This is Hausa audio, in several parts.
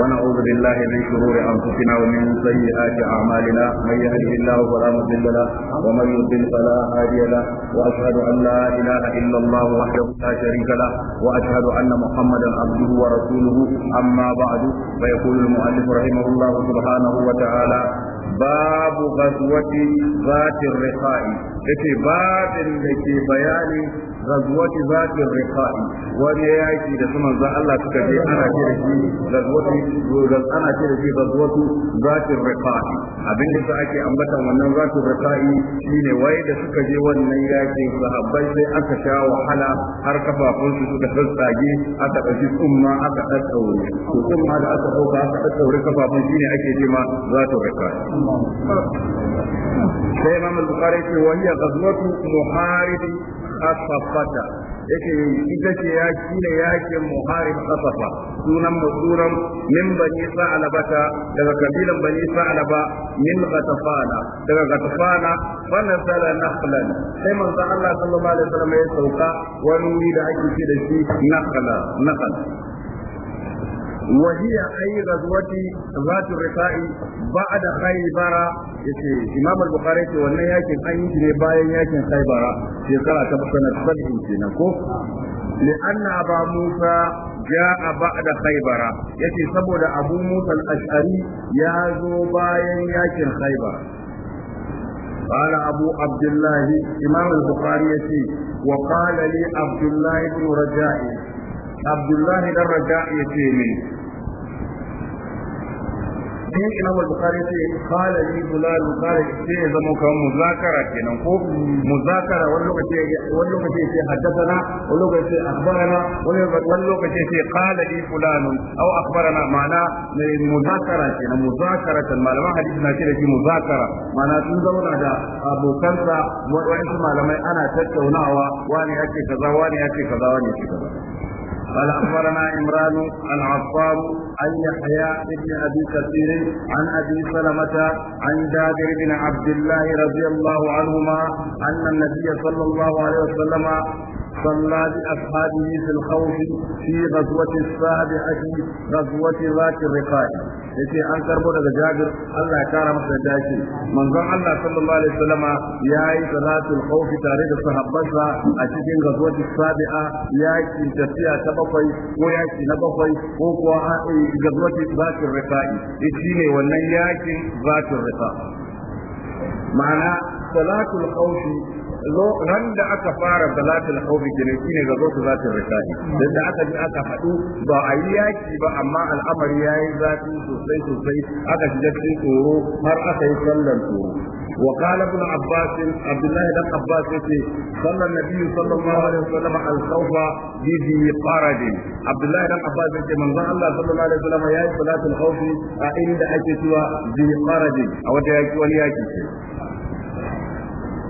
ونعوذ بالله من شرور انفسنا ومن سيئات اعمالنا من يهده الله فلا مضل له ومن يضلل فلا هادي له واشهد ان لا اله الا الله وحده لا شريك له واشهد ان محمدا عبده ورسوله اما بعد فيقول المؤلف رحمه الله سبحانه وتعالى babu zatin zatir riqa'i yace babin da ke bayani ghazwati zatin riqa'i wani yaki da saman manzon Allah suka je ana ce da shi ghazwati ana ce da shi ghazwatu zatir riqa'i abin da ake ambata wannan zatir riqa'i shine wai da suka je wannan yakin sahabbai sai aka sha wahala har kafafun su suka tsatsage aka dauki tsumma aka daddaure to tsumma da aka dauka aka daddaure kafafun shine ake ce ma zatir riqa'i sai imam al-bukhari ce wa hiya ghazwatu muharib asfata yake ita ce ya shine yakin muharib asafa, sunan musuran min bani sa'alabata daga kabilan bani sa'alaba min ghatafana daga ghatafana fa nazala nakhlan sai manzo Allah sallallahu alaihi wasallam ya sauka wani wuri da ake ce da shi nakhla nakhla وهي أي غزوة ذات الرقاء بعد خيبر يتي إمام البخاري وأن ياكن أن يجري باين ياكن خيبر في قراءة سنة سبعين لأن أبا موسى جاء بعد خيبر يتي سبب أبو موسى الأشعري يا زو باين ياكن خيبر قال أبو عبد الله إمام البخاري وقال لي عبد الله بن رجاء abdullahi dan raja ya ce min in imam al-bukhari ce yi li fulan qala ce ya zama kamar muzakara kenan ko muzakara wani lokaci ya lokaci ce haddathana wani lokaci ce akhbarana wani lokaci ce qala li fulan aw akhbarana ma'ana muzakara kenan muzakara kan malaman hadisi na ce da shi muzakara ma'ana sun zauna da abokansa wa'ansu malamai ana tattaunawa wani yake kaza wani yake kaza wani yake kaza قال اخبرنا عمران العطار عن يحيى بن ابي كثير عن ابي سلمه عن جابر بن عبد الله رضي الله عنهما ان النبي صلى الله عليه وسلم صلى بأصحابه في الخوف في غزوة السابعة غزوة ذات الرقاء yace an karbo daga Jabir Allah ya kara masa da yake manzon Allah sallallahu alaihi wasallama yayi salatul khawf tare da sahabbansa a cikin gazwati sabi'a yaki tafiya ta bakwai ko yaki na bakwai ko kuwa gazwati zatir rifa'i shine wannan yakin zatir rifa ma'ana salatul khawf ran da aka fara salatul khawfi kenan shine ga zo salatul raka'i dan da aka ji aka haɗu ba a yi yaki ba amma al'amari yayi zafi sosai sosai aka shiga cikin tsoro har aka yi sallar tsoro وقال ابن عباس عبد الله بن عباس صلى النبي صلى الله عليه وسلم الخوف بذي قرد عبد الله بن عباس من ظن الله صلى الله عليه وسلم يا صلاة الخوف عند أجتوى ذي قرد أو جاء ولياكي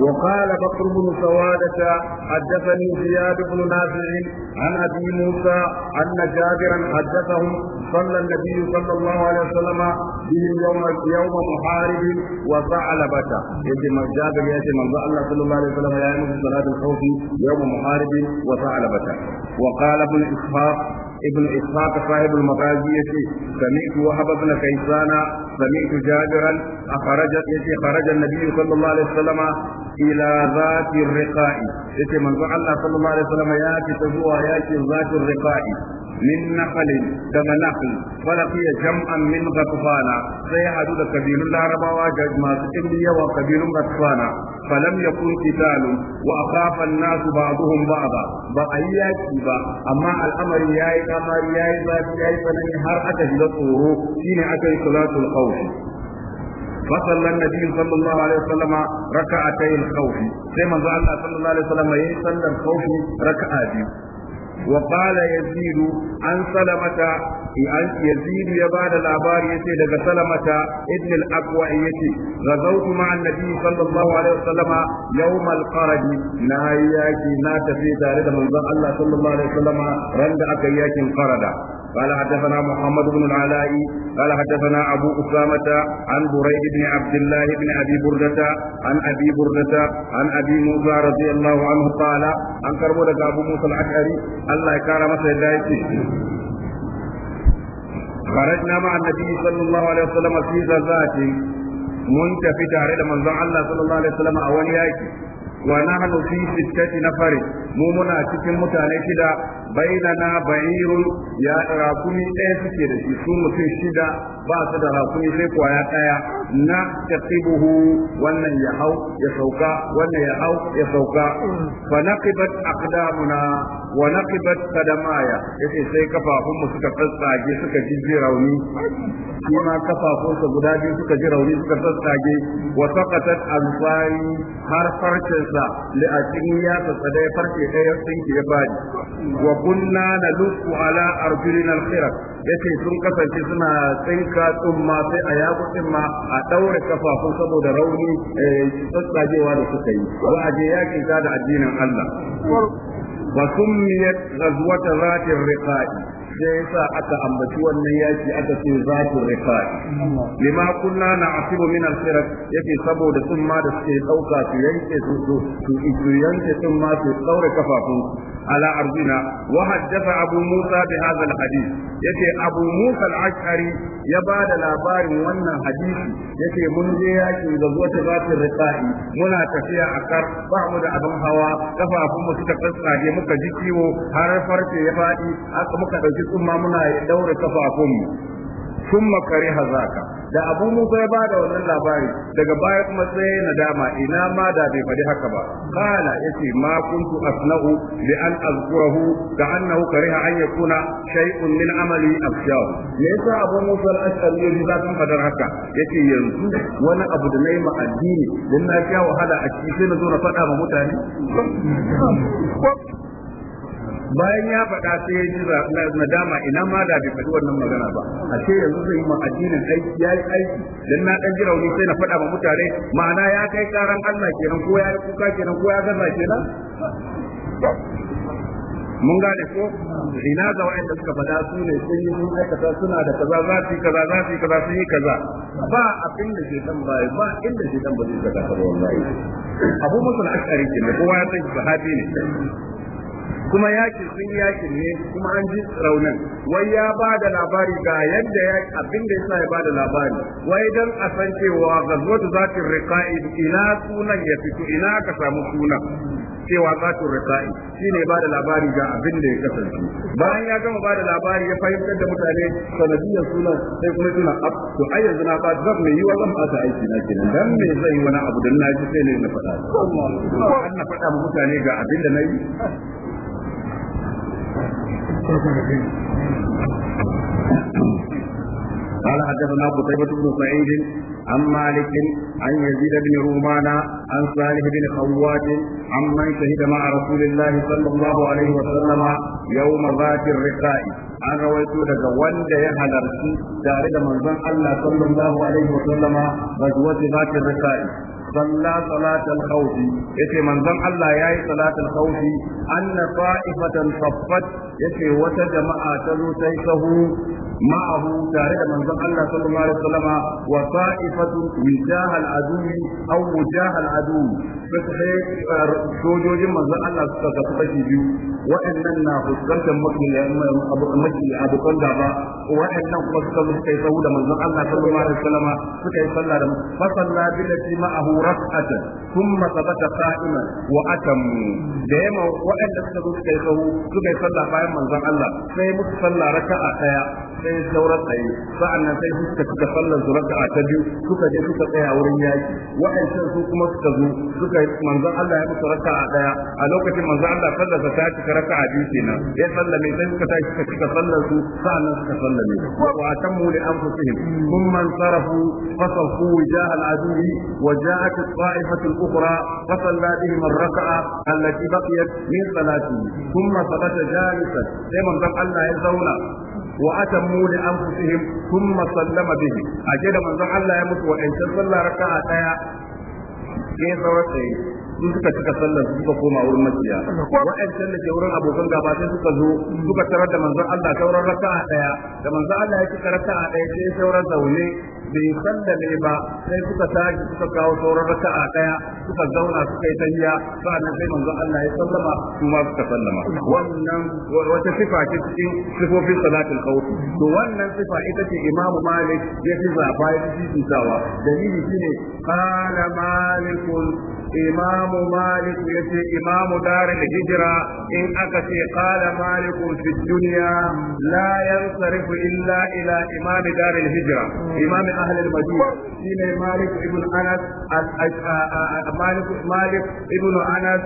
وقال بكر بن سوادة حدثني زياد بن نافع عن أبي موسى أن جابرا حدثهم صلى النبي صلى الله عليه وسلم بهم يوم يوم محارب وثعلبة يجمع جابر يجمع الله صلى الله عليه وسلم يا صلاة الخوف يوم محارب وثعلبة وقال ابن إسحاق ابن إسحاق صاحب المغازية سمعت وهب بن كيسان سمعت جابرا أخرجت يتي خرج النبي صلى الله عليه وسلم إلى ذات الرقاء يتي من الله صلى الله عليه وسلم ياتي تزوى ياتي ذات الرقاء min naqalin daga naql falaqiya jam'an min ghatfana sai hadu da kabilun larabawa da masu ɗimbi yawan kabilun ghatfana falam yakun qitalu wa akhafa an-nas ba ba'da ba ayyaki ba amma al'amari yayi kamari yayi zafi yayi tsanani har aka shiga tsoro shine aka yi salatul khawf فصلى النبي صلى الله عليه وسلم ركعتي الخوف كما قال الله صلى الله عليه وسلم يصلى الخوف ركعتين وقال يزيد عن سلمة يزيد يبان الأبار يتي لك سلمة ابن الأقوى يتي غزوت مع النبي صلى الله عليه وسلم يوم القرد نهاياكي نات في تاريخ من الله صلى الله عليه وسلم رند أكياكي قردا قال حدثنا محمد بن العلاء قال حدثنا أبو أسامة عن بريد بن عبد الله بن أبي بردة عن أبي بردة عن أبي موسى رضي الله عنه قال عن كربولة أبو موسى الأشعري Allah ya kara masa yadda yake خرجنا مع النبي صلى الله عليه وسلم في غزاة mun tafi tare da manzon Allah sallallahu alaihi wasallam a wani yaki wa nahnu fi sittati nafari mu muna cikin mutane shida bainana ba'irun ya rakumi ɗaya suke da shi su mutum shida ba su da rakumi sai kwaya ɗaya na taqibuhu wannan ya hau ya sauka wannan ya hau ya sauka fa naqibat aqdamuna wa naqibat qadamaya yace sai kafafun mu suka tsatsage suka jiji rauni shi ma kafafunsa guda biyu suka ji rauni suka tsatsage wa saqatat alfari har farcen sa li a cikin ya ta da ya farce ɗaya tsinki ya bani wa kunna na ala arjulina alkhira yace sun kasance suna tsinka tsumma sai a yaku ma a daure kafafu saboda rauni eh, tsatsagewa da suka yi wa a je yakin da addinin Allah wa summiyat ghazwat zati riqa'i da yasa aka ambaci wannan yaki aka ce za ku rika lima kunna na asibu min al-sirat yake saboda sun ma da suke dauka su yanke su su su yanke sun ma su daure kafafun ala arzina wa haddatha abu musa bi hadha al-hadith yake abu musa al-ashari ya bada labarin wannan hadisi yake mun je yaki da zuwa zatin riqa'i muna tafiya a kar ba mu da abin hawa kafafun mu suka tsatsage muka ji ciwo har farce ya fadi haka muka dauki tsumma muna daure kafafunmu sun makare hazaka da abu musa ya da wannan labari daga baya kuma sai dama ina ma da bai faɗi haka ba kana yace ma kuntu asna'u li an azkurahu ka annahu kariha an yakuna shay'un min amali afshaw me yasa abu musa al-ashari yaji da kan fadar haka yace yanzu wani abu da nayi ma addini dan na sha wahala a cikin sai na zo faɗa ma mutane bayan ya faɗa sai ya ji nadama ina ma da bai faɗi wannan magana ba a ce yanzu zai yi ma addinin aiki ya yi aiki dan na ɗan ji rauni sai na faɗa ma mutane ma'ana ya kai karan Allah kenan ko ya yi kuka kenan ko ya gaza kenan mun gane ko ina ga wa'anda suka faɗa su ne sun yi sun aikata suna da kaza za su yi kaza za su yi kaza sun yi kaza ba abin da ke dan bayi ba inda ke dan ba zai zaka wallahi Abu Musa al-Ash'ari kenan kowa ya san sahabi ne kuma yakin sun yakin ne kuma an ji raunin wai ya ba da labari ga yadda ya abin da yasa ya ba da labari wai dan a san cewa gazwatu zati riqa'i ina sunan ya fito ina ka samu sunan cewa zatu riqa'i shine ba da labari ga abin da ya kasance bayan ya gama ba da labari ya fahimtar da mutane sanadiyar sunan sai kuma tuna ab to ai yanzu na ba zan yi wa zan ba aiki na kenan dan me zai wani abu dan na ji sai ne na faɗa na faɗa mutane ga abin da na yi قال حدثنا قتيبة بن سعيد عن مالك عن يزيد بن رومان عن صالح بن خوات عمن شهد مع رسول الله صلى الله عليه وسلم يوم ذات الرقاء an rawaito daga wanda ya halarci tare da manzon Allah sallallahu alaihi wa sallama ghazwat zatir صلى صلاة الخوف يتي من ظن الله ياي صلاة الخوف أن طائفة صفت يتي وتجمع تلو تيسه معه تارد من الله صلى الله عليه وسلم وطائفة وجاه العدو أو وجاه العدو شوجو جمع من الله صلى الله ستكتبه بيو وإننا فسكنت مكي أبو قندابا وإننا فسكنت كي سهود من الله صلى الله عليه وسلم فكي صلى فصلى بالتي معه ركعة ثم ثبت قائما وأتم دائما وإننا فسكنت كي سهود فكي صلى بايا من الله فيمت صلى ركعة sai sauran tsaye sa'annan sai suka cika sallar su raka'a ta biyu suka je suka tsaya wurin yaki wa'ancan su kuma suka zo suka manzon Allah ya musu a daya a lokacin manzon Allah sallar sa ta cika a biyu kenan ya sallame sai suka tashi suka cika sallar su sa'annan suka sallame wa atammu li anfusihim thumma sarafu fasafu وجاه العدو وجاءت الطائفة الأخرى فصلى بهم الركعة التي بقيت من صلاته ثم ثبت جالسا كما Allah ya zauna. وأتموا bihi ثم سلم به Allah من ذا الله يموت وإن صلى ركعة آية ke رأي sun suka cika sallar suka koma wurin makiya wa'ancan da ke wurin abokan gaba sai suka zo suka tarar da manzon Allah sauran raka'a daya da manzon Allah ya cika raka'a daya sai sauran zaune bai sallame ba sai suka tashi suka kawo sauran raka'a daya suka zauna suka yi tahiyya sa'annan sai manzo Allah ya sallama su ma suka sallama wannan wata sifa ce cikin sifofin salatul khawf to wannan sifa ita ce Imam Malik ya fi zaba ya fi tsawa dalili shine qala malikun إمام مالك يتي إمام دار الهجرة إن أكتي قال مالك في الدنيا لا ينصرف إلا إلى إمام دار الهجرة إمام أهل المدينة سين مالك ابن أنس مالك مالك ابن أنس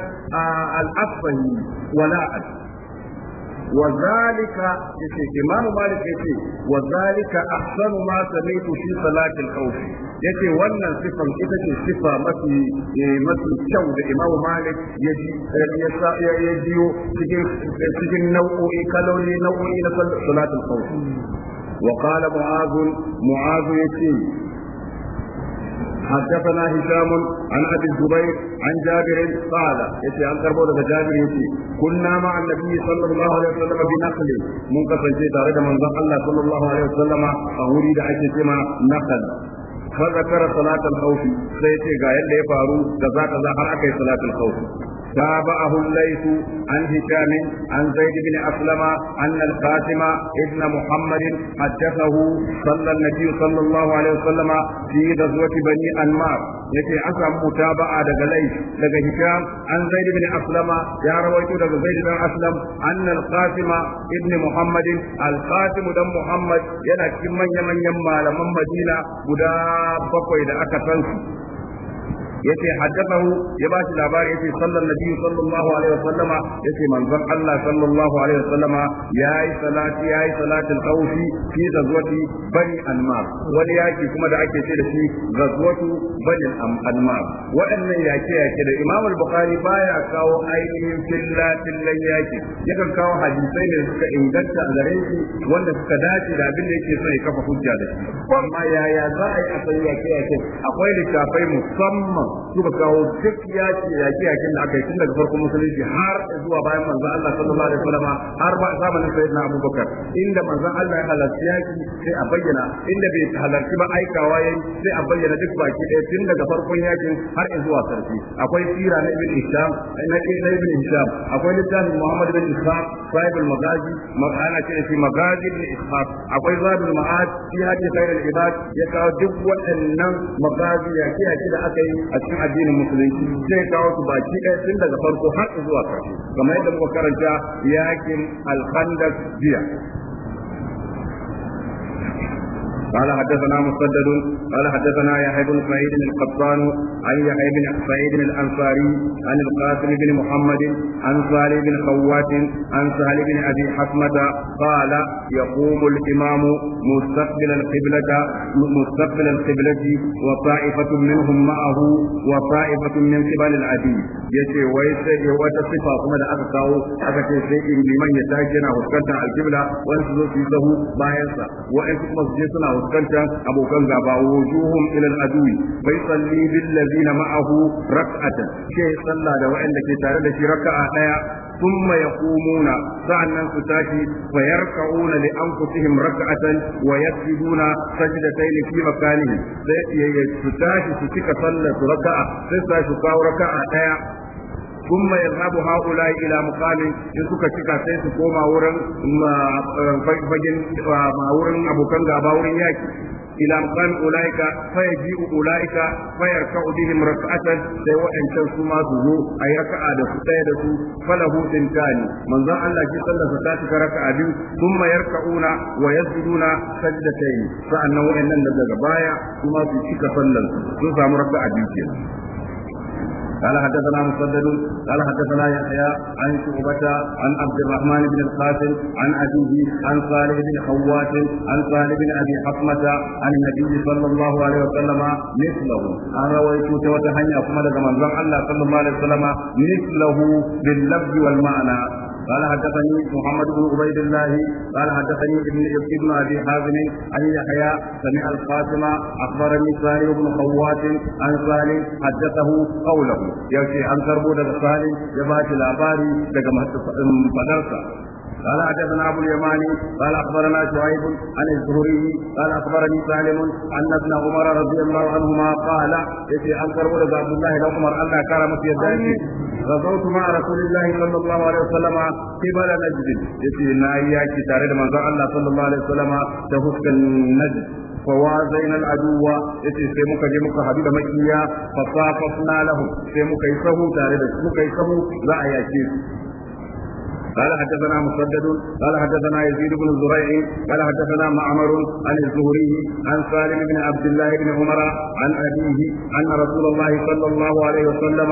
الأصفهي ولا وذلك إمام مالك يتي وذلك أحسن ما سمعت في صلاة الخوف يتي وانا صفة إذا صفة مثل مثل شو إمام مالك يجي يجي سجن نوعي كالوني نوعي صلاة الخوف وقال معاذ معاذ يسين حدثنا هشام عن ابي الزبير عن جابر قال يتي عن كربو جابر يتي كنا مع النبي صلى الله عليه وسلم في نقل من kasance tare da manzon Allah صلى الله عليه وسلم a wuri da نقل فذكر صلاة الخوف سيتي ga لي فارو faru da za ka الخوف تابعه الليث عن هشام عن زيد بن أسلم أن القاسم ابن محمد حدثه صلى النبي صلى الله عليه وسلم في غزوة بني أنمار yake an samu mutaba'a daga lai daga hisham an zaid bin aslama ya rawaito daga zaid bin aslam anna al-qasima ibn muhammad al-qasim dan muhammad yana cikin manya manyan malaman madina guda bakwai da aka san yace haddathahu ya bashi labari yace sallan nabi sallallahu alaihi wasallama yace manzon Allah sallallahu alaihi wasallama yayi salati yayi salatul khawfi fi gazwati bani anmar wani yaki kuma da ake ce da shi gazwatu bani anmar waɗannan yake yake da Imam al-Bukhari baya kawo ainihin fillatin lan yaki yakan kawo hadisai ne suka inganta a gare shi wanda suka dace da abin da yake so ya kafa hujja da shi amma yaya za a yi a yake yake akwai littafai musamman suka kawo duk yaki yaki yakin da aka yi tun daga farkon musulunci har zuwa bayan manzon Allah sallallahu alaihi wasallam har ba zamanin na Abubakar inda manzon Allah ya halarci yaki sai a bayyana inda bai halarci ba aikawa yayi sai a bayyana duk baki ɗaya tun daga farkon yakin har zuwa sarki akwai sira na ibn Hisham na ibn Hisham akwai littafin Muhammad bin Ishaq sahib al-Maghazi magana ce shi magazi ibn Ishaq akwai Zadul Ma'ad fi hadi khair al-ibad ya kawo duk waɗannan magazi yaki yaki da aka yi a a cikin addinin musulunci zai kawo su baki ɗaya tun daga farko har zuwa ƙarshe kamar yadda muka karanta yakin alkhandak jiya قال حدثنا مسدد قال حدثنا يحيى بن سعيد القطان عن يحيى بن سعيد الانصاري عن القاسم بن محمد عن صالح بن خوات عن سهل بن ابي حسمة قال يقوم الامام مستقبل القبلة مستقبل القبلة وطائفة منهم معه وطائفة من قبل العدي يتي ويسجي وتصفى كما da aka kawo aka ce sai in liman ya tashi yana fuskantar alkibla wani su zo su yi sahu bayansa wa'ansu kuma su je suna fuskantar abokan gabawo wujuhum ila al-adu bai salli bil ladina ma'ahu rak'atan ke salla da wanda ke tare da shi rak'a daya thumma yaqumuna sa'annan su tashi fa yarka'una li anfusihim rak'atan wa yasjuduna sajdatayn fi makanihi sai ya tashi su cika sallar raka'a sai su kawo raka'a ɗaya. ثم يذهب هؤلاء الى مقام suka cika sai su koma wurin fagen wurin abokan gaba wurin yaki ila mukami ulaika fayaji'u ulaika fayarka'u bihim rak'atan sai wa'ancan su ma su zo raka'a da su da su falahu tintani manzo Allah ki sallasa ta cika raka'a biyu thumma yarka'una wa yasjuduna sajdatayn sa'annan wa'annan daga baya kuma su cika sallan su samu raka'a biyu kenan قال حدثنا مسدد قال حدثنا يحيى عن شعبة عن عبد الرحمن بن القاسم عن أبيه عن صالح بن خوات عن صالح بن أبي حكمة عن النبي صلى الله عليه وسلم مثله أن رويت وتهني أحمد زمان الله صلى الله عليه وسلم مثله باللفظ والمعنى قال حدثني محمد بن عبيد الله قال حدثني ابن ابن ابي حازم عن يحيى سمع القاسم اخبرني سالم بن خوات عن سالم حدثه قوله يوشي عن كربو سالم يباشي الاباري دقم فدرسه قال حدثنا ابو اليماني قال اخبرنا شعيب عن الزهري قال اخبرني سالم ان ابن عمر رضي الله عنهما قال يتي انكر ولد عبد الله بن عمر ان كرم في يديه غزوت مع رسول الله صلى الله عليه وسلم قبل نجد يتي نايا كي تارد من الله صلى الله عليه وسلم تفك النجد فوازينا العدو yace sai muka je muka hadu da makiya fasafafna lahum sai muka yi sahu tare da muka yi sahu za a yake su قال حدثنا مسدد قال حدثنا يزيد بن زريع قال حدثنا معمر عن الزهري عن سالم بن عبد الله بن عمر عن أبيه أن رسول الله صلى الله عليه وسلم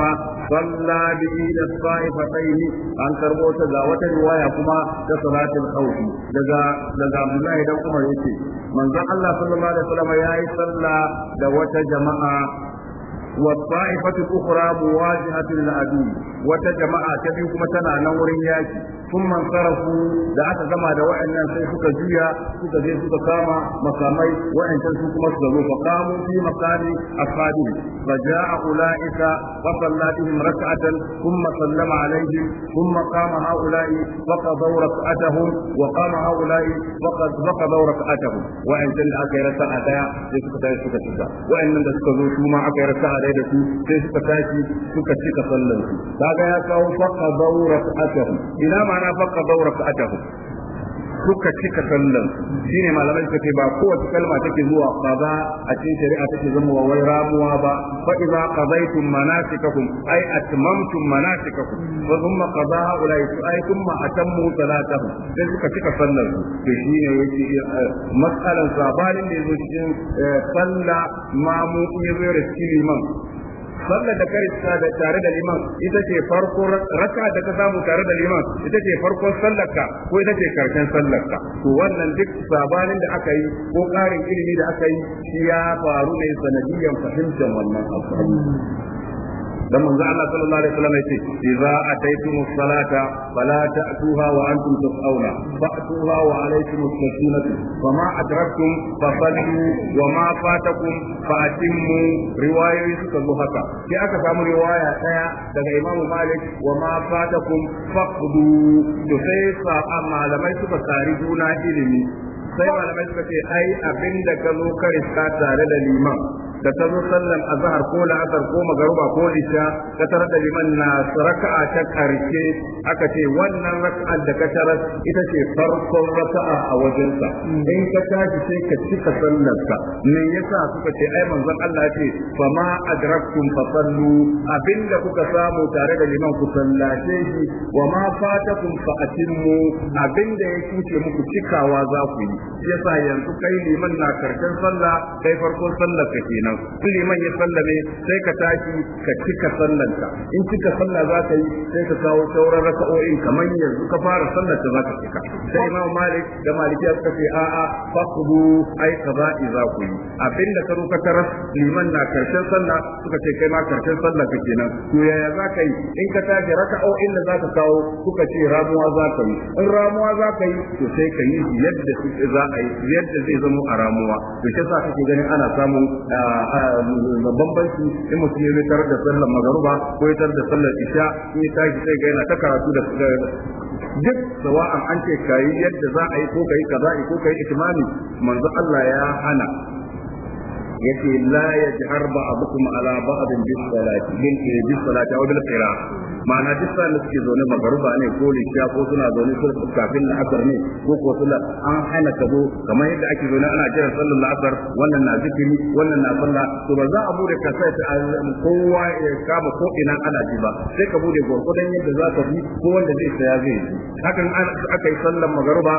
صلى بإيد الطائفتين عن كربوت دعوة رواية كما كصلاة الخوف لذا لذا عبد الله بن عمر يتي من الله صلى الله عليه وسلم يا صلى دعوة جماعة والطائفة الأخرى مواجهة للعدو وتجمع تبي كما تنا نور ياكي ثم انصرفوا da aka zama da wa'annan sai suka juya suka je suka kama makamai wa'ancan su kuma suka zo faqamu fi makani ashabi faja'a ulaika fa sallatihim rak'atan thumma sallama alaihim thumma qama haula'i wa qadaw rak'atahum wa qama haula'i wa qad qadaw rak'atahum wa'ancan da aka sai suka da suka zo tsaye da su sai suka tashi suka cika sallar su kaga ya kawo faqa dawra ta'atuhum ina faqa suka cika sallan ne malamai suka ce ba kowace kalma take zuwa kaza a cikin shari'a take zama wa wai ramuwa ba fa idza qadaytum manasikakum ay atmamtum manasikakum wa thumma qada ulai ay thumma atammu salatahum sai suka cika sallan to shine yake eh, matsalan sabanin da yazo cikin eh, sallah mamu in yazo da liman sallar da kai da tare da liman ita ce farko raka da ka samu tare da liman ita ce farkon sallar ka ko ita ce karshen sallar ka to wannan duk sabanin da aka yi ko karin ilimi da aka yi shi ya faru ne sanadiyan fahimtar wannan abu dan manzo Allah sallallahu alaihi wasallam yace idza ataytumus salata fala ta'tuha wa antum tasawna fa'tuha wa alaykum as-sakinatu fama adraktum fasallu wa ma fatakum fa'timmu riwayoyi suka zo haka sai aka samu riwaya daya daga Imam Malik wa ma fatakum faqdu to sai sa malamai suka tsari juna ilimi sai malamai suka ce ai abinda ka zo ka riska tare da liman da ta zo sallan azhar ko la'asar ko magaruba ko isha ka tarar da liman na raka'a ta karshe aka ce wannan raka'ar da ka tarar ita ce farkon raka'a a wajensa in ka tashi sai ka cika sallarsa me yasa suka ce ai manzon Allah ya ce fa ma adrakum fa sallu abinda kuka samu tare da liman ku sallace shi wa ma fatakum fa atimmu abinda ya kuce muku cikawa za ku yi yasa yanzu kai liman na karshen sallah kai farkon sallar ka kenan kenan liman ya sallame sai ka tashi ka cika sallanta in cika sallah za ka yi sai ka kawo sauran raka'o'in kamar yanzu ka fara sallanta za ka cika sai Imam Malik da Malikiya suka ce a'a faqdu ai qaza'i za ku yi Abin da ka ka taras liman na karshen sallah suka ce kai ma karshen sallah ka kenan to yaya za ka yi in ka tashi raka'o'in da za ka kawo suka ce ramuwa za ka yi in ramuwa za ka yi to sai ka yi yadda za a yi yadda zai zama a ramuwa to shi sa kake ganin ana samun ah, banki in mutum ya tar da sallar magaruba ko ya tar da sallar isha in ya tashi sai ga yana ta karatu da duk sawa'an an ce kayi yadda za a yi ko kayi kaza'i ko kayi itimami manzo Allah ya hana yace la yajhar ba'dukum ala ba'din bis salati bin eh, bis salati aw bil qira ma'ana duk sa ne suke zaune magaruba ne ko lishiya ko suna zaune ko kafin la'asar ne ko ko suna an hana tabo kamar yadda ake zaune ana jiran sallar la'asar wannan na zikiri wannan na sallah to ba za a bude kasai kowa ya kama ko ina ana ji ba sai ka bude gwargwadon yadda za ka bi ko wanda zai saya zai yi hakan aka yi sallar magaruba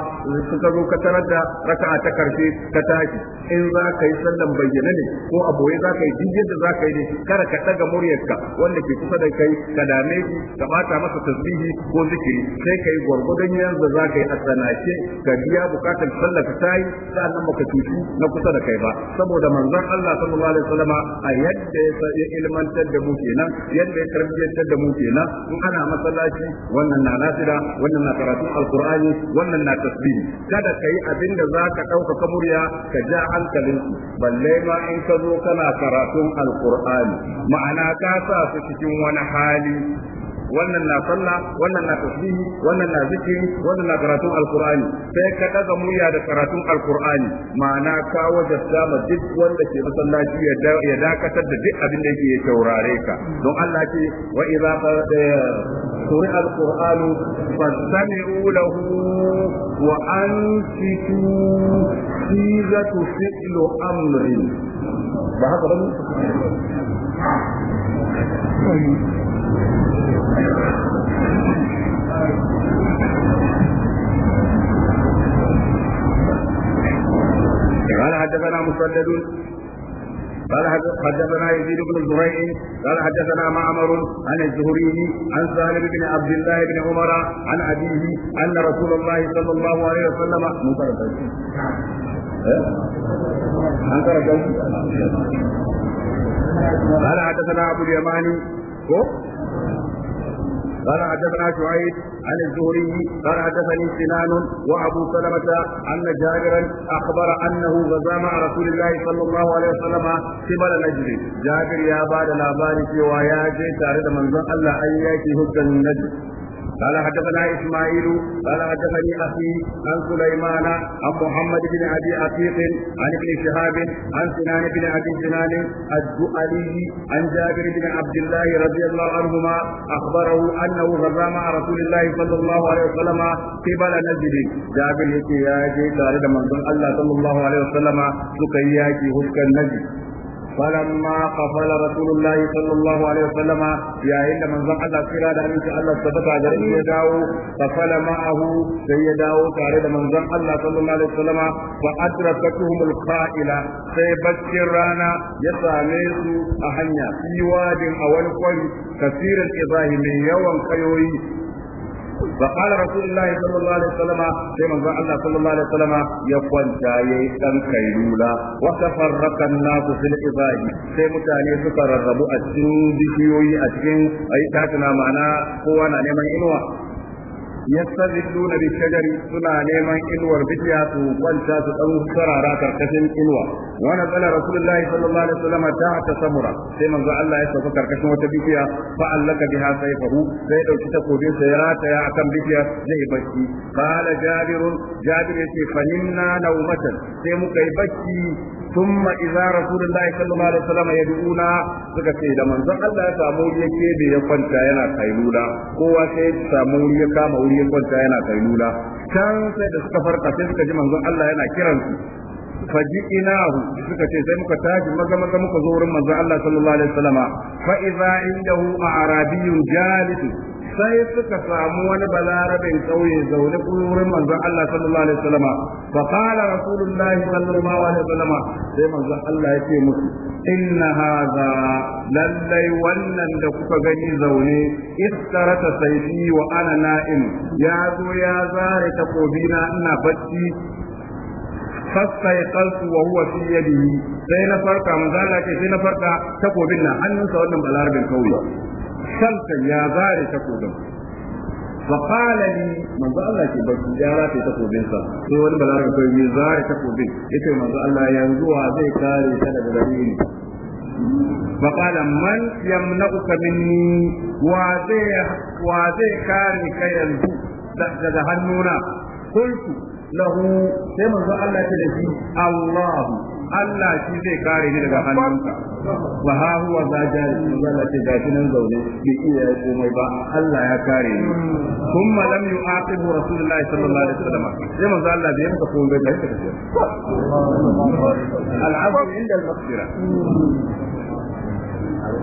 suka zo ka tarar da raka'a ta karshe ka tashi in za ka yi sallar bayyana ne ko a boye za ka yi duk yadda za ka yi ne kada ka ɗaga muryarka wanda ke kusa da kai ka dame shi ka bata masa tasbihi ko zikiri sai ka yi gwargwadon yadda za ka yi a ka biya bukatar sallah ka tayi sa'annan baka cutu na kusa da kai ba saboda manzon Allah sallallahu alaihi wasallama a yadda ya ilmantar da mu kenan yadda ya tarbiyyantar da mu kenan in ana masallaci wannan na nafila wannan na karatun alqur'ani wannan na tasbihi kada ka yi abin da za ka ɗaukaka murya ka ja hankalin balle ma in ka zo kana karatun alkur'ani ma'ana ka sa su cikin wani hali wannan na sallah wannan na tasbihi wannan na zikiri wannan na karatun alkur'ani sai ka daga murya da karatun alkur'ani ma'ana ka wajabta ma duk wanda ke masallaci ya dakatar da duk abin da yake taurare ka don Allah ce wa idza quri eh, alqur'anu fastami'u lahu wa ansitu النتيجة فعل أمر بهذا بني قال حدثنا مسدد قال حدثنا يزيد بن زريع قال حدثنا معمر عن الزهري عن سالم بن عبد الله بن عمر عن أبيه أن رسول الله صلى الله عليه وسلم قال حدثنا أبو اليماني قال حدثنا شعيب عن الزهري قال حدثني سنان وابو سلمة ان جابرا اخبر انه غزا مع رسول الله صلى الله عليه وسلم قبل نجد جابر يا بعد لا باري سوى يا جي تارد من الله ان ياتي هدى النجد قال حدثنا إسماعيل قال حدثني أخي عن سليمان عن محمد بن أبي عتيق عن ابن شهاب عن سنان بن أبي سنان الدؤلي عن جابر بن عبد الله رضي الله عنهما أخبره أنه غرى مع رسول الله صلى الله عليه وسلم قبل نجد جابر يا جيد الله صلى الله عليه وسلم سكياكي هسك النجد فلما قفل رسول الله صلى الله عليه وسلم يا إلا من زق الله سيرا دعمك الله سبتا جرئي يداو قفل معه سيداو تعرض من زق الله صلى الله عليه وسلم فأدركتهم القائلة سيبشرنا يساميس أهنيا في واد أول كثير الإضاهي من يوم كيوي فقال رسول الله صلى الله عليه وسلم كما قال الله صلى الله عليه وسلم يقول جاي كان كيلولا وتفرق الناس في الإباج كما mutane suka rarrabu a cikin bishiyoyi a cikin معنا tatina ma'ana kowa na yastazilluna bi shajari suna neman inuwar bishiya su kwanta su dan sarara karkashin inuwa wa nazala rasulullahi sallallahu alaihi wasallam ta samura sai manzo Allah ya sauka karkashin wata bishiya fa allaka biha sayfahu sai dauki takobin sa ya rataya akan bishiya zai bacci qala jabir jabir yace faninna naumatan sai muka yi bacci ثم إذا رسول الله صلى الله عليه وسلم يدعونا suka ce da manzon Allah ya samu ya kebe ya kwanta yana kailula kowa sai ya ya kama wuri ya kwanta yana kailula can sai da suka farka sai suka ji manzon Allah yana kiransu faji'inahu suka ce sai muka tashi maza maza muka zo wurin manzon Allah sallallahu alaihi wasallama fa idza indahu a'rabiyyun jalis sai suka samu wani balarabin kauye zaune wurin manzo Allah sallallahu alaihi wasallam fa qala rasulullahi sallallahu alaihi wasallam sai manzo Allah ya ce musu inna hadha lallai wannan da kuka gani zaune istarata sayyidi wa ana na'im ya zo ya zare kobina ina bacci fastaiqaltu wa huwa fi yadihi sai na farka manzo Allah sai na farka ta na hannunsa wannan balarabin kauye shanta ya zare ta kodin fa qala ke ba su jara ta sai wani balaga ko mi zare ta kodin yace manzo Allah yanzu wa zai kare ta daga dalili fa qala man yamnaka wa zai kare ka yanzu daga hannuna qultu lahu sai manzo Allah ya ce Allahu Allah shi zai kare ni daga hannunka wa ha huwa za jari zalla ce da shi nan zaune bi iya ya komai ba Allah ya kare ni kuma lam yu'aqibu rasulullahi sallallahu alaihi wasallam sai manzo Allah bai maka komai bai ka tafi al-afu inda al-maghfira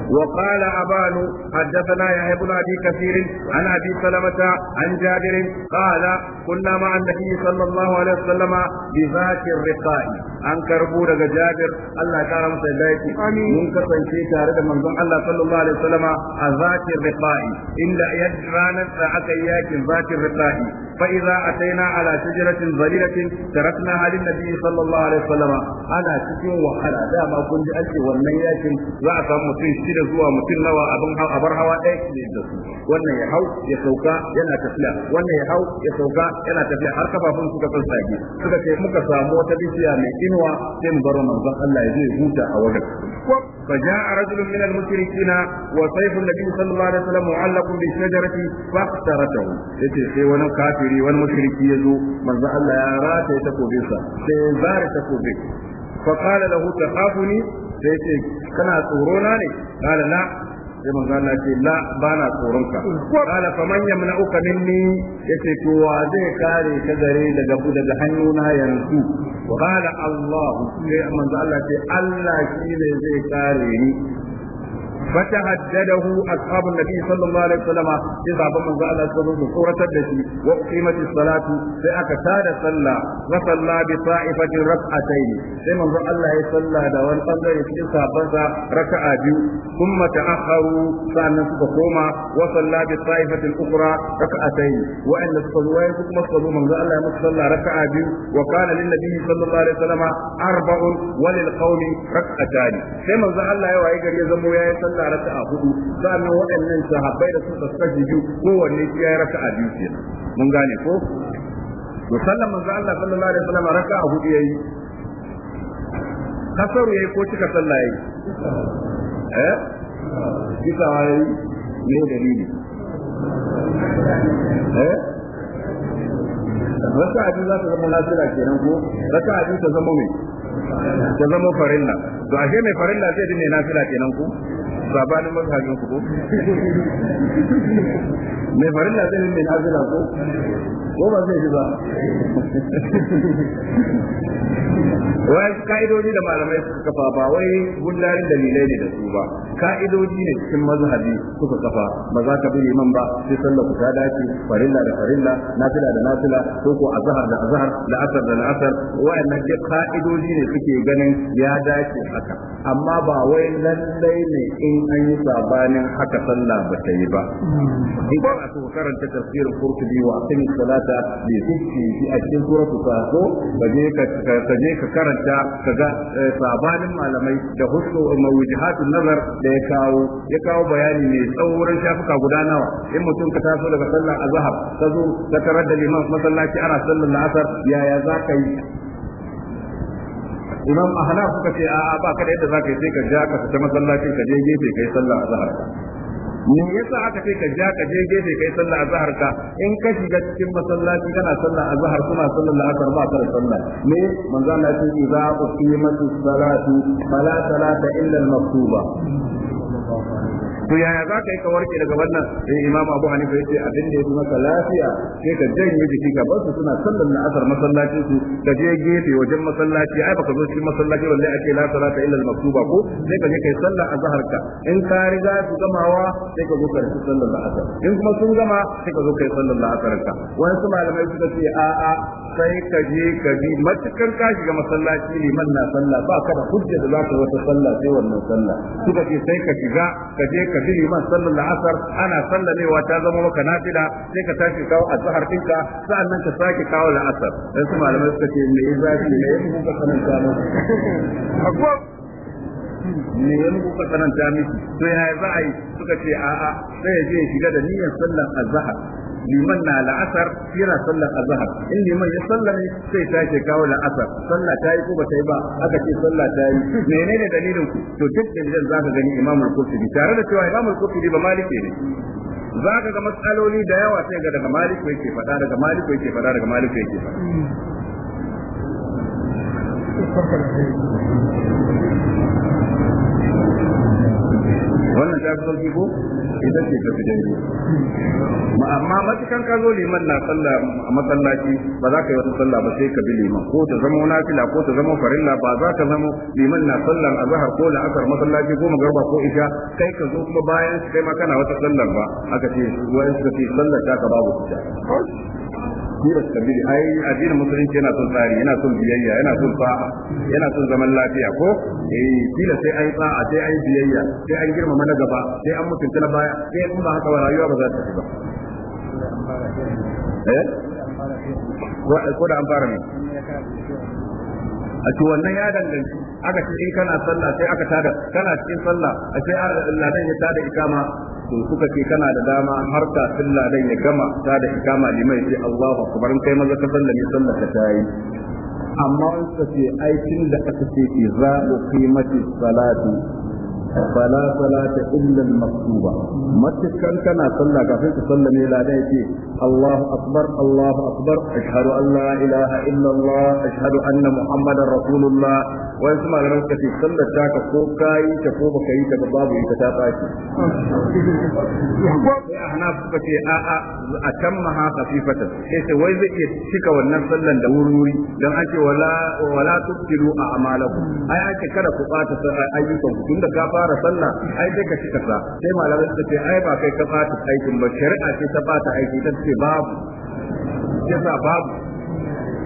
وقال أبان حدثنا يحيى بن أبي كثير عن أبي سلمة عن جابر قال كنا مع النبي صلى الله عليه وسلم بذات الرقاء an karbo daga Jabir Allah ya kara masa mun kasance tare da manzon Allah sallallahu alaihi wasallama a zatir riqa'i inda ranar da aka yi yakin zatir riqa'i fa idza ataina ala shajaratin zalilatin tarakna halin nabi sallallahu alaihi wasallama ana cikin wahala dama kun wannan yakin za a samu shida zuwa mutum nawa abin abar hawa ɗaya ne da su wannan ya hau ya sauka yana tafiya wannan ya hau ya sauka yana tafiya har kafafun suka tsatsage suka ce muka samu wata bishiya mai inuwa sai mu bar manzon Allah ya zai huta a wajen فجاء رجل من المشركين وسيف النبي صلى الله عليه وسلم معلق بالشجرة فاخترته yace sai wani kafiri wani mushriki yazo manzo Allah ya rataye takobinsa sai zare takobin فقال له تخافني sai ce kana tsoro na ne kala na, sai manzo Allah ce la bana tsoron ka kala faman uka minni yace to wa zai kare ka gare daga bu daga hannuna yanzu kala Allah sai manzo Allah ce Allah shi ne zai kare ni فتهدده أصحاب النبي صلى الله عليه وسلم إذا بمن زال الصدوق صورة التي وأقيمت الصلاة فأكتاد صلى وصلى بطائفة ركعتين ثم رأى الله صلى دوان صلى يسكي ركعة بيو ثم تأخروا سألنا سبقوما وصلى بطائفة أخرى ركعتين وأن الصلوات كما صلوا من زال الله صلى ركعة بيو وكان للنبي صلى الله عليه وسلم أربع وللقوم ركعتان ثم زال الله يوعي قد يزموا يا صلى sallah a hudu sannan waɗannan sahabbai da suka saji biyu kowanne shi ya raka'a biyu kenan mun gane ko to sallan manzo Allah sallallahu alaihi wasallam raka'a hudu yayi kasaru yayi ko cika sallah yayi eh kisa yayi ne dalili eh raka abi za ta zama nasira kenan ko raka abi ta zama mai ta zama farilla to ashe mai farilla zai dinne nasira kenan ko sabanin mazhabin ku ko mai farilla zai yi mai nazila ko ko ba zai ji ba wai ka'idoji da malamai suka kafa ba wai gullarin dalilai ne da su ba ka'idoji ne cikin mazhabi suka kafa ba za ka bi liman ba sai sallar ta dace farilla da farilla nafila da nafila ko ko azhar da azhar da asar da asar wa'annan duk ka'idoji ne suke ganin ya dace haka amma ba wai lallai ne in an yi sabanin haka sallah ba ta yi ba in ba a so karanta tafsirin qurtubi wa aqimis salata bi zikri fi a cikin suratul fatiha ka je ka karanta karanta kaga eh, sabanin malamai da husu eh, mawujihatun nazar da ya kawo ya kawo bayani mai tsauran shafuka guda nawa in mutum ka taso daga sallar azhar ka zo ka tarar da liman masallaci ana sallar la'asar yaya za ka imam ahlaf kace ce a'a ba ka da yadda za ka sai ka ja ka fita masallacin ka je gefe kai sallar azhar me yasa aka ce ka ja ka je gefe kai sallah azhar ka in ka shiga cikin masallaci kana sallah azhar kuma sallar asar ba ka sallah me manzo Allah ya ce idza uqimatus salatu fala salata illa al-maktuba to yaya za ka yi ka warke daga wannan sai eh, imamu abu hanifa yace abin da ya fi maka lafiya sai ka janye jiki ka bar su suna sallar na asar masallacin su ka je gefe wajen masallaci ai baka zo cikin masallaci wallahi ake la salata illa al-maktuba ko sai ka je kai sallar azhar ka in ka riga su gamawa sai ka zo ka rufe sallar asar in kuma sun gama sai ka zo kai sallar asar ka wani su malamai suka ce a a sai ka je ka bi matakan ka shiga masallaci ne, man na sallah ba ka da hujja da za ka wata sallah sai wannan sallah suka ce sai ka shiga ka je ka. ka bi liman sallar la'asar ana sallamewa ta zama maka nafila sai ka tashi kawo azhar ɗinka nan ka sake kawo la'asar dan su malamai suka ce me yasa Me ya kuka sananta maka me ya kuka sananta miki to yaya za a yi suka ce a'a sai ya je shiga da niyyar sallar azhar liman na la'asar yana sallar azhar in liman ya ne sai ta ke kawo la'asar sallah ta yi ko ba ta yi ba aka ce sallah ta yi menene dalilin ku to duk dalilan zaka gani imamul qurtubi tare da cewa imamul qurtubi ba maliki ne zaka ga matsaloli da yawa sai ga daga maliki yake fada daga maliki yake fada daga maliki yake fada hmm. fi sauki amma matukan ka zo liman na sallah a masallaci ba za ka yi wata sallah ba sai ka bi liman ko ta zama nafila ko ta zama farilla ba za ka zama liman na sallah a zahar ko la'asar masallaci ko magarba ko isha kai ka zo kuma bayan kai ma kana wata sallar ba aka ce wa'in suka ce sallah ta ka babu kuta sirar sabili ai addinin musulunci yana son tsari yana son biyayya yana son sa'a yana son zaman lafiya ko eh kila sai ai sa'a sai ai biyayya sai an girmama na gaba sai an mutunta na baya sai in ba haka ba rayuwa ba za ta ba eh ko da an fara ne a ce wannan ya danganci aka ce in kana sallah sai aka tada kana cikin sallah a sai ladan ya tada ikama to suka ce kana da dama har kafin ladan ya gama ta da ikama limai sai Allahu akbar kai maza ka sallame sallar ka tayi amma suka ai tun da aka ce ki za mu qimati salati fala salata illa al-maktuba matakan kana sallah kafin ka sallame ladan yake Allahu akbar Allahu akbar ashhadu an la ilaha illa Allah ashhadu anna muhammadar rasulullah wa yasma da ranka ce sallar ta ka ko kai ta ko baka yi ta babu ita ta baki sai ahna ce a a a tamma ha khafifatan sai sai wai zai iya cika wannan sallar da wuri dan ake wala a amalakum ai ake kada ku bata ayyukan ku fara sallah ai sai ka cika sa sai malamai suka ce ai ba kai ka fata aikin ba shari'a ce ta fata aiki ta ce babu sa babu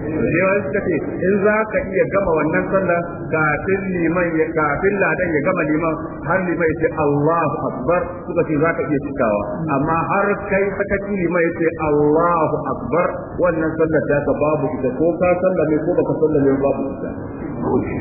sai wani suka ce in za ka iya gama wannan sallah kafin liman ya kafin ladan ya gama liman har liman ya ce Allahu akbar suka ce za ka iya cikawa amma har kai sakaci liman ya ce Allahu akbar wannan sallar ta ka babu ita ko ka sallame ko baka sallame babu ita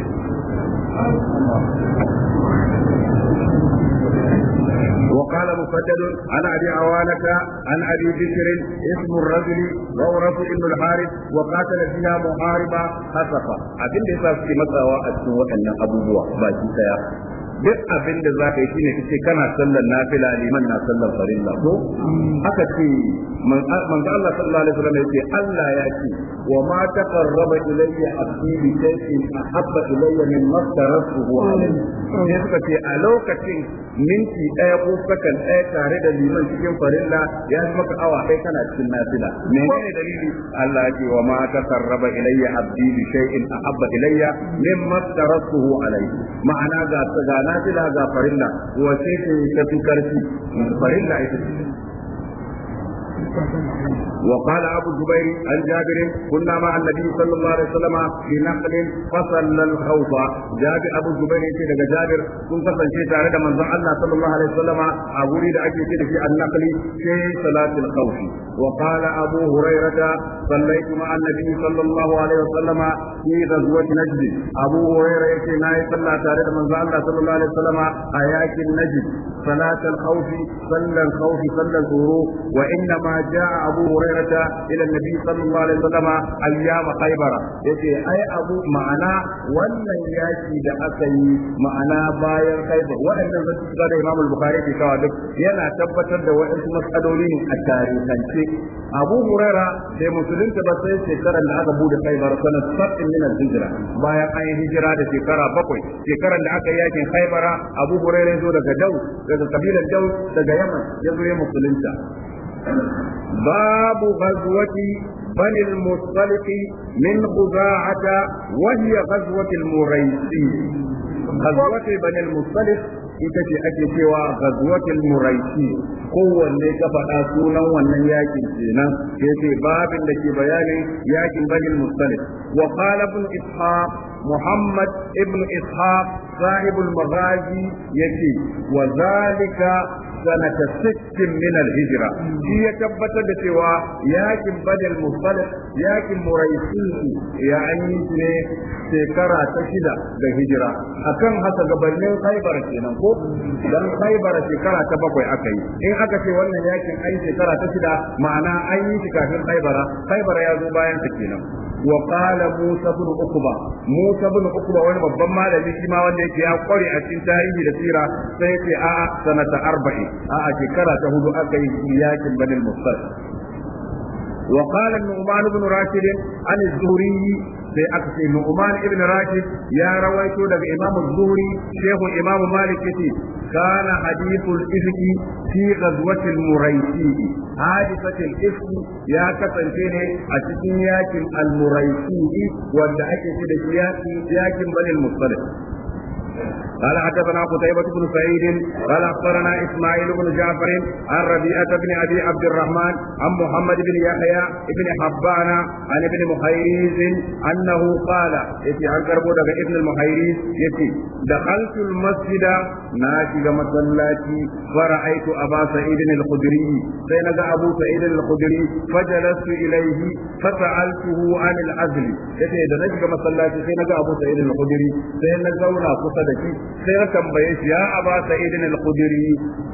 وقال مسدد عن ابي عوانه عن ابي بكر اسم الرجل غورة بن الحارث وقاتل فيها محاربا خسفا abin da yasa suke matsawa a cikin waɗannan abubuwa baki duk abin da za ka yi ne kace kana sallar nafila man na sallar farilla ko haka ce manzo Allah sallallahu alaihi wasallam yace Allah ya ce وما تقرب إلي عبدي بشيء أحب إلي من ما افترضته عليه يسكت في ألوكة منتي أيقو سكن أي تارد لمن تكن فرلا يهمك أو أحيك نفس النافلة من أي دليل الله وما تقرب إلي عبدي بشيء أحب إلي مما افترضته عليه معنى ذا نافلة ذا فرلا وشيء تتكرتي فرلا يتكرتي وقال أبو الزبير عن جابر كنا مع النبي صلى الله عليه وسلم في نقل فصل الخوف جابر أبو الزبير يقول جابر tare da manzon Allah sallallahu a guri da ake ce da shi annaqli sai salatul khawf wa qala abu hurairah sallaitu ma sallallahu alaihi wasallama fi ghazwat najd abu hurairah yace nayi sallah tare da manzon Allah sallallahu a yakin naji salatul khawf sallan khawf sallan tsoro wa inna ma فلما جاء أبو هريرة إلى النبي صلى الله عليه وسلم أيام خيبر يتي أي أبو معنا ولا يأتي دعسي معنا باير خيبر وإن قال إمام البخاري في كوابك ينا تبتر دوائر مسألولين التاريخان أبو هريرة دي مسلم تبسي شكرا لأك بود خيبر سنة سبع من الهجرة باير أي هجرة شكرا بقوي شكرا لأك يأتي خيبر أبو هريرة يزور دو daga kabilar dau daga yaman ya zo ya musulunta باب غزوة بني المصطلق من خزاعة وهي غزوة المريسي غزوة بني المصطلق ita ce ake cewa ghazwatul muraisi kowanne ka faɗa sunan wannan yakin kenan sai babin da ke bayanin yakin banin mustalif wa qala ibn ishaq محمد ابن إسحاق صاحب المغازي يكي وذلك سنة ست من الهجرة هي تبت سوى ياكم بدل مختلف ياكم مريسيسي يعني سنة سكرة تشدة بالهجرة bai حتى قبلين خيبر سنة dan khaibara shekara ta bakwai aka yi in aka ce wannan yakin ai shekara ta shida ma'ana an yi shi kafin khaibara khaibara ya zo bayan ta kenan وقال موسى بن عقبة موسى بن عقبة وانا babban malami shi ma wanda yake ya kware a cikin tarihi da sira sai ce a sanata arba'in a'a a shekara ta hudu aka yi yakin banil mustaq وقال النعمان بن راشد عن الزهري sai aka ce Nu'man ibn Rashid ya rawaito daga Imam Zuhri shehu Imam Malik yace kana hadithul ifki fi ghazwatil muraisi hadisatul ifki ya kasance ne a cikin yakin al-muraisi wanda ake ce da yakin yakin banil mustalif قال حدثنا قتيبة بن سعيد قال أخبرنا إسماعيل بن جعفر عن ربيعة بن أبي عبد الرحمن عن محمد بن يحيى بن حبان عن ابن مخيريز أنه قال يتي عن كربو ابن المخيريز يتي دخلت المسجد ناشي مسلاتي فرأيت أبا سعيد الخدري فإن أبو سعيد الخدري فجلست إليه فسألته عن العزل يتي إذا نجي مسلاتي فإن أبو سعيد الخدري فإن زونا قصدك sai ya tambaye shi ya aba sa'idin al qudri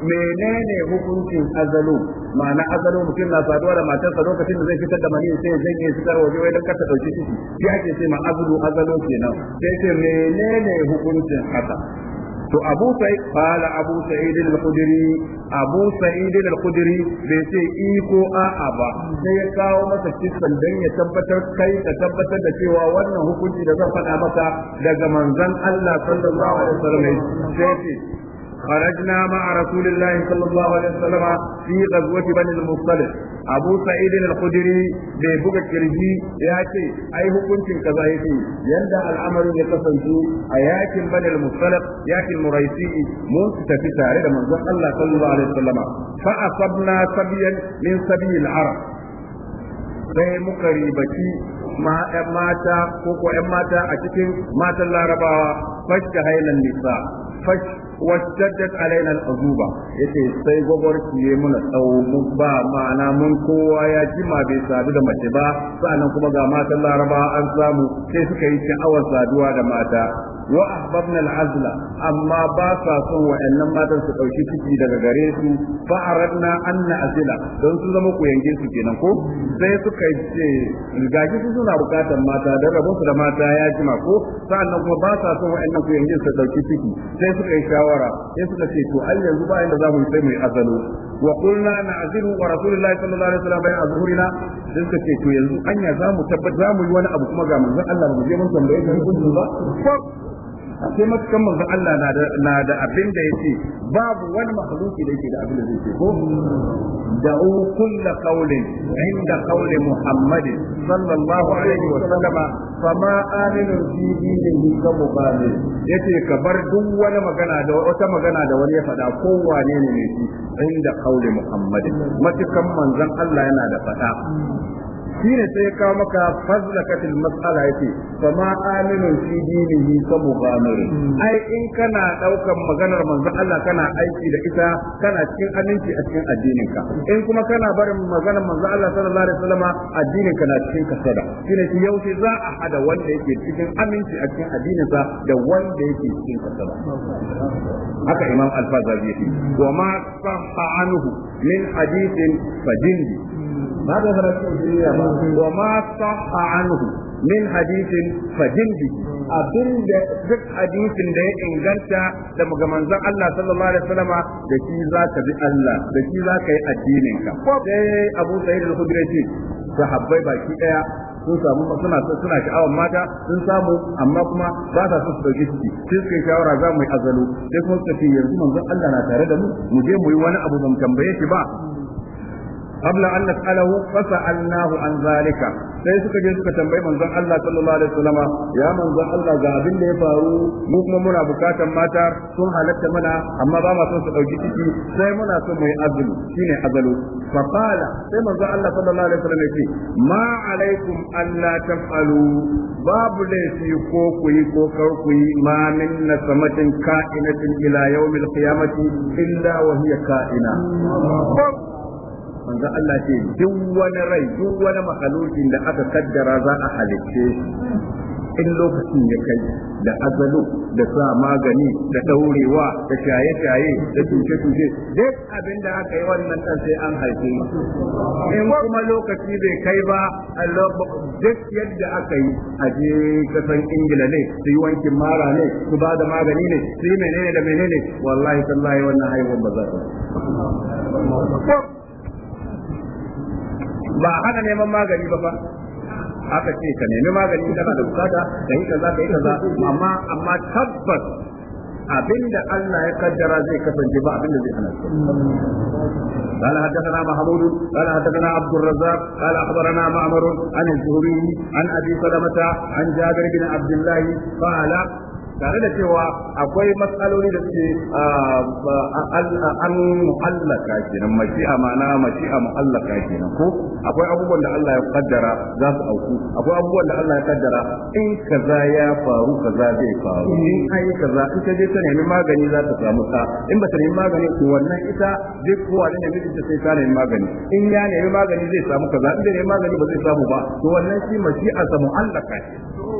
menene hukuncin azalu ma'ana azalu mutum na saduwa da matarsa lokacin da zai fitar da mani sai zai yi fitar waje wai dan kasa dauki ciki shi ake ce ma azalu azalu kenan sai ce menene hukuncin haka to abu sa'id qala abu sa'id al-khudri abu sa'id al-khudri bai ce iko ko a ba sai ya kawo masa kissan dan ya tabbatar kai ka tabbatar da cewa wannan hukunci da zan faɗa maka daga manzon Allah sallallahu alaihi wasallam sai خرجنا مع رسول الله صلى الله عليه وسلم في غزوة بني المصطلق أبو سعيد الخدري ببقى كرجي ياتي أي حكمت كذا يتي يندى الأمر يتصنج أياك بني المصطلق ياك المريسي منت في تاريخ من الله صلى الله عليه وسلم فأصبنا سبيا من سبي العرب sai muka ribaci mata ko ko 'yan mata a cikin matan larabawa fashta hailan nisa fash wajjajjat alaina al'azuba yace sai gwagwarki ya muna tsawo ba ma'ana mun kowa ya jima bai sadu da mace ba sannan kuma ga matan laraba an samu sai suka yi sha'awar saduwa da mata wa ahbabna al'azla amma ba sa son wa'annan matan su ɗauki ciki daga gare su fa aradna an na'zila don su zama ku yanke su kenan ko sai suka ce gaji su suna bukatan mata dan rabon su da mata ya jima ko sa'annan kuma ba sa son wa'annan ku yanke su ɗauki ciki sai suka yi shawara sai suka ce to ai yanzu ba inda zamu yi sai mu yi azalo wa qulna na'zilu wa rasulullahi sallallahu alaihi wasallam bayan azhurina sai suka ce to yanzu anya zamu tabbata zamu yi wani abu kuma ga manzon Allah ba mu je mun tambaye shi ba a sai matukan manzon Allah na da abin da yake babu wani makhluki da yake da abin da zai ce ko Da kullu qawlin inda qawli Muhammad sallallahu alaihi wa sallama fama aminu fi dinihi ka mubali yace ka bar duk wani magana da wata magana da wani ya faɗa ko wane ne ne inda qawli Muhammad matukan manzon Allah yana da fada shine sai ya kawo maka fazlakatil mas'ala yake fa ma aminu fi dinihi ka mughamir hmm. ai in kana daukan maganar manzon Allah kana aiki da ita kana cikin aminci a cikin addinin ka in kuma kana barin maganar manzon Allah sallallahu alaihi wasallam addinin ka na cikin kasada shine shi yaushe za a hada wanda yake cikin aminci a cikin addinin sa da wanda yake cikin kasada haka imam al fazali yake wa ma sahha anhu min hadithin fajindi ما ظهر التوجيه وما صح عنه من حديث فجلدي abin da duk hadisin da ya inganta da magamanzan Allah sallallahu alaihi wasallam da shi za ka bi Allah da shi za ka yi addinin ka sai Abu Sa'id al-Khudri ce sahabbai baki daya sun samu suna suna sha'awar mata sun samu amma kuma ba sa su dauki ciki sai suka shawara za mu yi azalu sai kuma suka ce yanzu manzon Allah na tare da mu mu je mu yi wani abu ban tambaye shi ba qabla an nas'alahu fas'alnahu an zalika sai suka je suka tambayi manzon Allah sallallahu alaihi wasallama ya manzon Allah ga abin da ya faru mu kuma muna bukatan mata sun halatta mana amma ba ma son su dauki ciki sai muna son mu yi azumi shine azalu fa qala sai manzon Allah sallallahu alaihi wasallam yace ma alaikum alla taf'alu babu laifi ko ku yi ko kar ku yi ma min nasamatin ka'inatin ila yawmil qiyamati illa wa hiya ka'ina manzon Allah ce duk wani rai duk wani makhlukin da aka kaddara za a halicce in lokacin ya kai da azalu da sa magani da daurewa da shaye-shaye da cuce-cuce duk abin da aka yi wannan sai an haife in kuma lokaci bai kai ba duk yadda aka yi a je kasan ingila ne su yi wankin mara ne su ba da magani ne su yi menene da menene wallahi tallahi wannan haihuwar ba za ta ba hana neman magani ba fa aka ce ka nemi magani kana da bukata ka yi kaza ka yi kaza amma amma tabbas abinda Allah ya kaddara zai kasance ba abinda zai hana قال حدثنا محمود قال حدثنا عبد الرزاق قال اخبرنا معمر عن الزهري عن ابي سلمه عن جابر بن عبد الله قال tare da cewa akwai matsaloli da suke ah, ah, an ah, mu'allaka kenan mashi amana mashi a mu'allaka kenan ko akwai abubuwan da Allah ya kaddara za su auku akwai abubuwan da Allah ya kaddara in kaza ya faru kaza zai faru in ai kaza in ka je ta nemi magani za ta samu ta in ba ta nemi magani to wannan ita zai kowa ne miji ita sai ta nemi magani in ya nemi magani zai samu kaza in da nemi magani ba zai samu ba to wannan shi mashi a mu'allaka kenan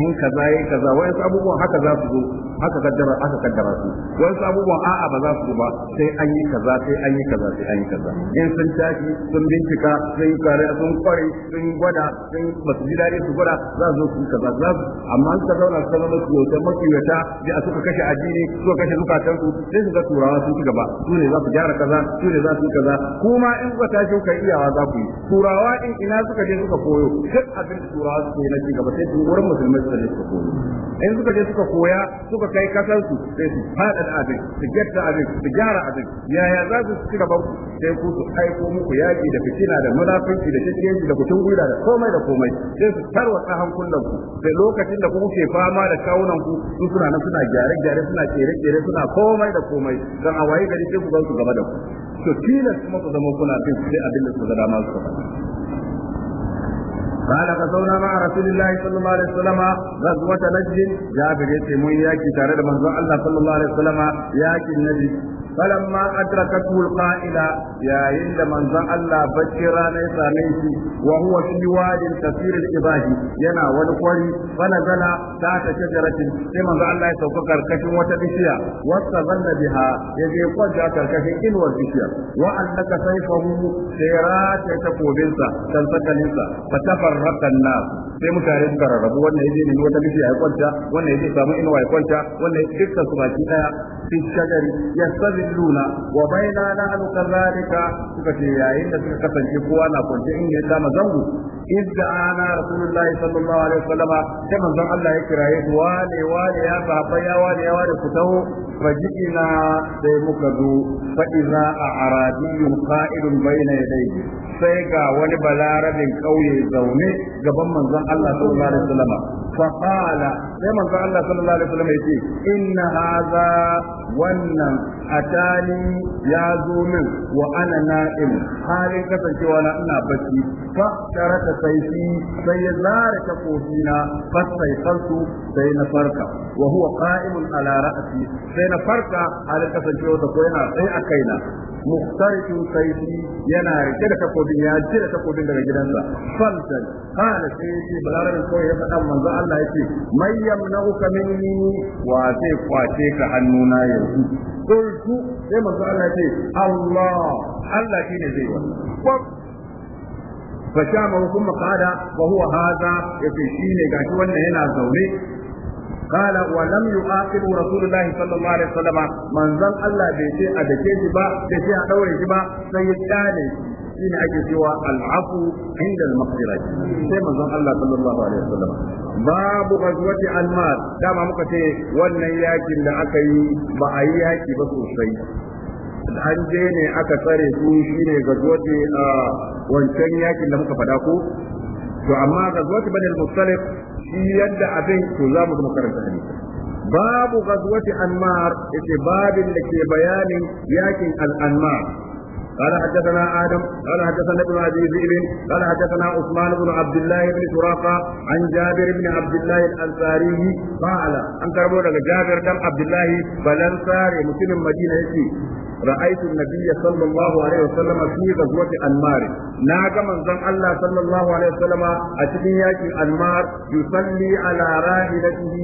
in kaza yayi kaza wayansu abubuwan haka za su zo haka kaddara aka kaddara su wasu abubuwan a'a ba za su ba sai an yi kaza sai an yi kaza sai an yi kaza in sun tashi sun bincika sun kare sun kware sun gwada sun basu ji dadi su gwada za su su kaza za su amma suka zauna su zama su wata makiyata da a suka kashe addini suka kashe zukatan su sai su ga turawa sun ci gaba su ne za su gyara kaza su ne za su yi kaza kuma in kuka tashi kai iyawa za ku yi turawa in ina suka je suka koyo duk abin turawa su yi na ci gaba sai wurin musulmai suka je suka koyo in suka je suka koya suka suka kai kasar su sai su fada da abin su gyatta abin su gyara abin yaya za su ci gaba sai ku su aiko muku yaki da fitina da munafiki da cikin da kutun gwiwa da komai da komai sai su tarwata hankulan ku sai lokacin da kuke fama da kawunan ku su suna nan suna gyare gyare suna tsere tsere suna komai da komai dan a waye gari sai ku ga su gaba da ku to tilas kuma ku zama kuna bin sai abin da su da dama su قال غزونا مع رسول الله صلى الله عليه وسلم غزوة نجد جابر يتي من ياكي تارد من الله صلى الله عليه وسلم ياكي النجد falamma adrakatu alqa'ila yayin da manzan Allah bacci ranar ya same shi wa huwa fi ibahi yana wani kwari fanazala ta ta shajaratin sai manzon Allah ya sauka karkashin wata bishiya wasta zanna biha yaje kwanta karkashin inuwar bishiya wa annaka sayfahu sai mutane suka rarrabu wannan yaje ne wata bishiya ya kwanta wannan yaje samu inuwa ya kwanta wannan dukkan su baki daya fi ya yastabi yusalluna wa baina nahnu kadhalika suka ce yayin da suka kasance kowa na kwance in ya kama zango idda ana rasulullahi sallallahu alaihi wasallama sai manzon Allah ya kiraye su wane wane ya baba ya ya ku taho muka zo fa idza a'rabiyun qa'idun baina yadayhi sai ga wani balarabin kauye zaune gaban manzon Allah sallallahu alaihi wasallama sai manzon yace inna hadha wannan misali ya zo min wa ana na'im halin kasancewa na ina bacci fa karaka sayfi sai ya zare ta kofina fa sai kansu sai na farka wa huwa qa'imun ala ra'si sai na farka halin kasancewa ta ko yana sai a kaina muhtariku sayfi yana rike da takobin ya ji ta takobin daga gidansa fantan kana sai yake balarin ko ya fada manzo Allah yake mayyam na minni wa sai kwace ka hannuna yanzu kultu sai manzo Allah ce Allah Allah shi ne zai wani fasha ma hukum makada wa huwa hadha yace shi ne gashi wannan yana zaune kala wa lam yu'aqib rasulullah sallallahu alaihi wasallam manzo Allah bai ce a dake shi ba sai ya daure shi ba sai ya tsane shi shine ake cewa al'afu inda al-maghfira sai manzon Allah sallallahu alaihi wasallam babu ghazwati al-mal dama muka ce wannan yakin da aka yi ba a yi yaki ba sosai an je ne aka tsare su shine ghazwati a wancan yakin da muka fada ko to amma ghazwati bani al-mustalif shi yadda abin to za mu kuma karanta hadisi babu ghazwati anmar yace babin da ke bayanin yakin al-anmar قال حدثنا آدم قال حدثنا ابن أبي ذئب قال حدثنا عثمان بن عبد الله بن سراقة عن جابر بن عبد الله الأنصاري قال أن كربونا جابر بن عبد الله بلنصاري مسلم مدينة يسي رأيت النبي صلى الله عليه وسلم في غزوة أنمار ناقا من زن الله صلى الله عليه وسلم أتبياك أنمار يصلي على راحلته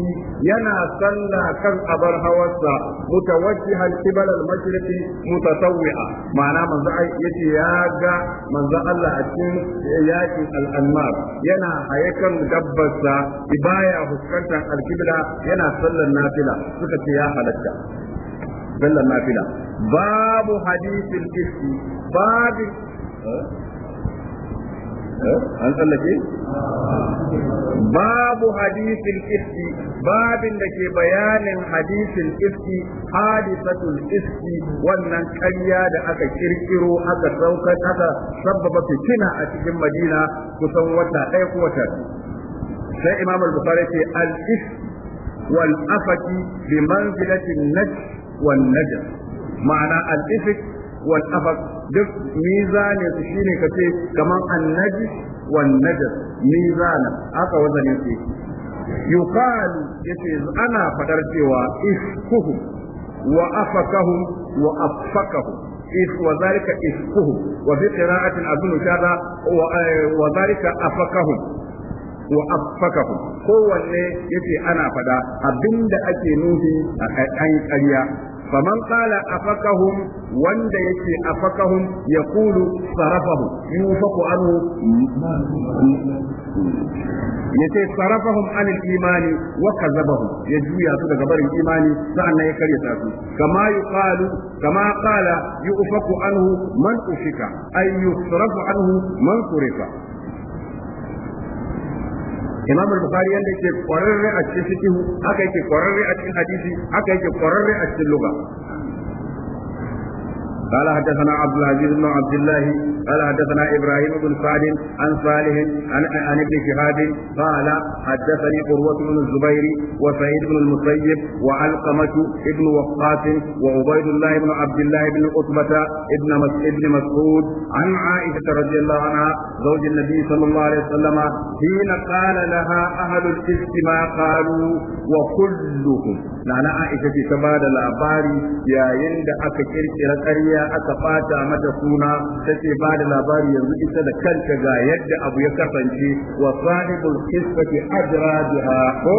ينا صلى كم أبر هوسا متوجها قبل المشرق متطوعا معناه من زن يتي ياقا من زن الله أتبياك الأنمار ينا هيكا دبسا إبايا فسكتا الكبلة ينا صلى النافلة سكت يا حلتا sallar nafila babu hadisin iski babu eh? Eh? an tsallake babu hadisin babin da ke bayanin hadisin iski hadisatul iski wannan karya da aka kirkiro aka saukar aka sabbaba fitina a cikin madina kusan wata ɗaya ko wata sai imam al-bukhari ce al-iski wal afati bi manzilatin najs wan najas ma'ana al-ifk wal afaq duk mizanin su shine kace kaman annaji wan najas mizana aka wazanin su yuqalu yace ana fadar cewa ifkuhum wa afakahum wa afakahum وذلك إفكهم وفي قراءة أظن كذا وذلك أفكهم wa affakahum kowanne yace ana fada abinda ake nufi a kan ƙarya faman qala afakahum wanda yace afakahum yaqulu sarafahu yufaku anhu yace sarafahum an imani wa kazabahum ya juya su daga barin imani sa'annan ya ta su kama yuqalu kama qala yufaku anhu man ufika ay yusrafu anhu man kurifa imam al-bukhari yanda yake kwararre a cikin fiqh haka yake kwararre a cikin hadisi haka yake kwararre a cikin lugha قال حدثنا عبد العزيز بن عبد الله قال حدثنا ابراهيم بن سعد عن صالح عن عن ابن شهاب قال حدثني قروة بن الزبير وسعيد بن المسيب وعلقمة بن وقاص وعبيد الله بن عبد الله بن عتبة بن ابن مسعود عن عائشة رضي الله عنها زوج النبي صلى الله عليه وسلم حين قال لها أهل الإفك ما قالوا وكلهم نعنى عائشة تبادل الأباري يا يند أكثر ƙarya bayan aka fata mata suna take ba da labari yanzu ita da kanta ga yadda abu ya kasance wa sahibul qisfati ajra biha ko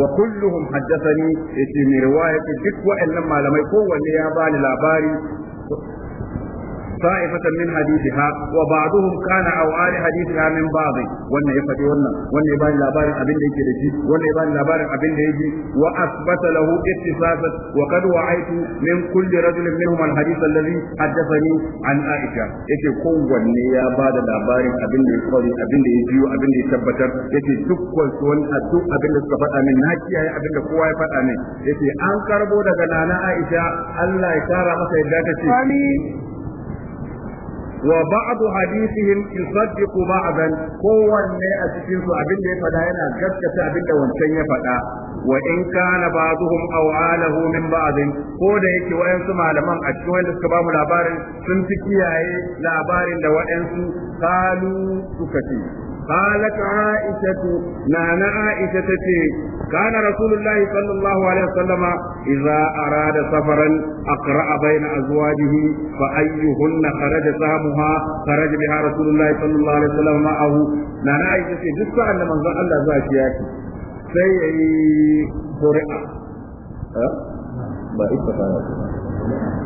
wa kulluhum haddathani yace mai riwaya duk wa'annan malamai kowanne ya bani labari طائفة من حديثها وبعضهم كان أو آل حديثها من بعض وأن يفتي وأن وأن يبان لابار أبن يجي وأن يبان لابار أبن يجي وأثبت له اتصافا وقد وعيت من كل رجل منهم الحديث الذي حدثني عن عائشة يجي قوة يا بعد لابار أبن يقضي أبن يجي وأبن يتبتر يجي دكوة وأن أدوك أبن يستفاد من ناكي أبن قوة يفاد من يجي أنكر بودا نانا عائشة الله يتارى مسا يداتي وبعض حديثهم يصدق بعضا هو أتكين أبن دي فدا ينا جسكة أبن دي وانشين فدا وإن كان بعضهم أو عاله من بعض هو دي كي وإنسو معلمان أتكين وإنسو كبام لابار سنتكي أي لابار لوإنسو قالوا سكتي قالت عائشة نانا عائشة تتي كان رسول الله صلى الله عليه وسلم إذا أراد سفرا أقرأ بين أزواجه فأيهن خرج سهمها خرج بها رسول الله صلى الله عليه وسلم معه نانا عائشة تتي جزء أن من الله زاشياتي سيئي قرئة أه؟ ba ita قرأ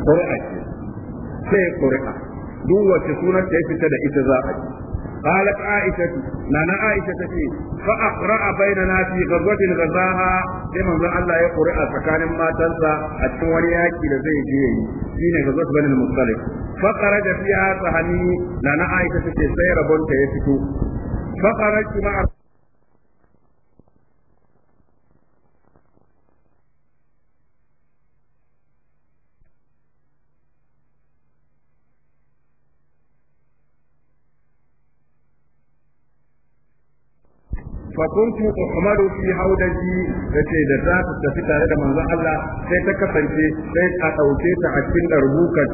ƙuri'a ce sai ƙuri'a duk wacce sunan قالت عائشة نانا عائشة تي فأقرأ بيننا في غزوة غزاها كما من الله يقرأ فكان ما تنسى التوانيات إلى زي جيني في غزوة بني المصطلق فخرج فيها صحني نانا عائشة تي سير بنت يفتو فخرجت مع فكنت أحمل في هودجي تتي دزات تفتح لدى من الله سيتك فانتي سيت أتوكيت أكين دربوكا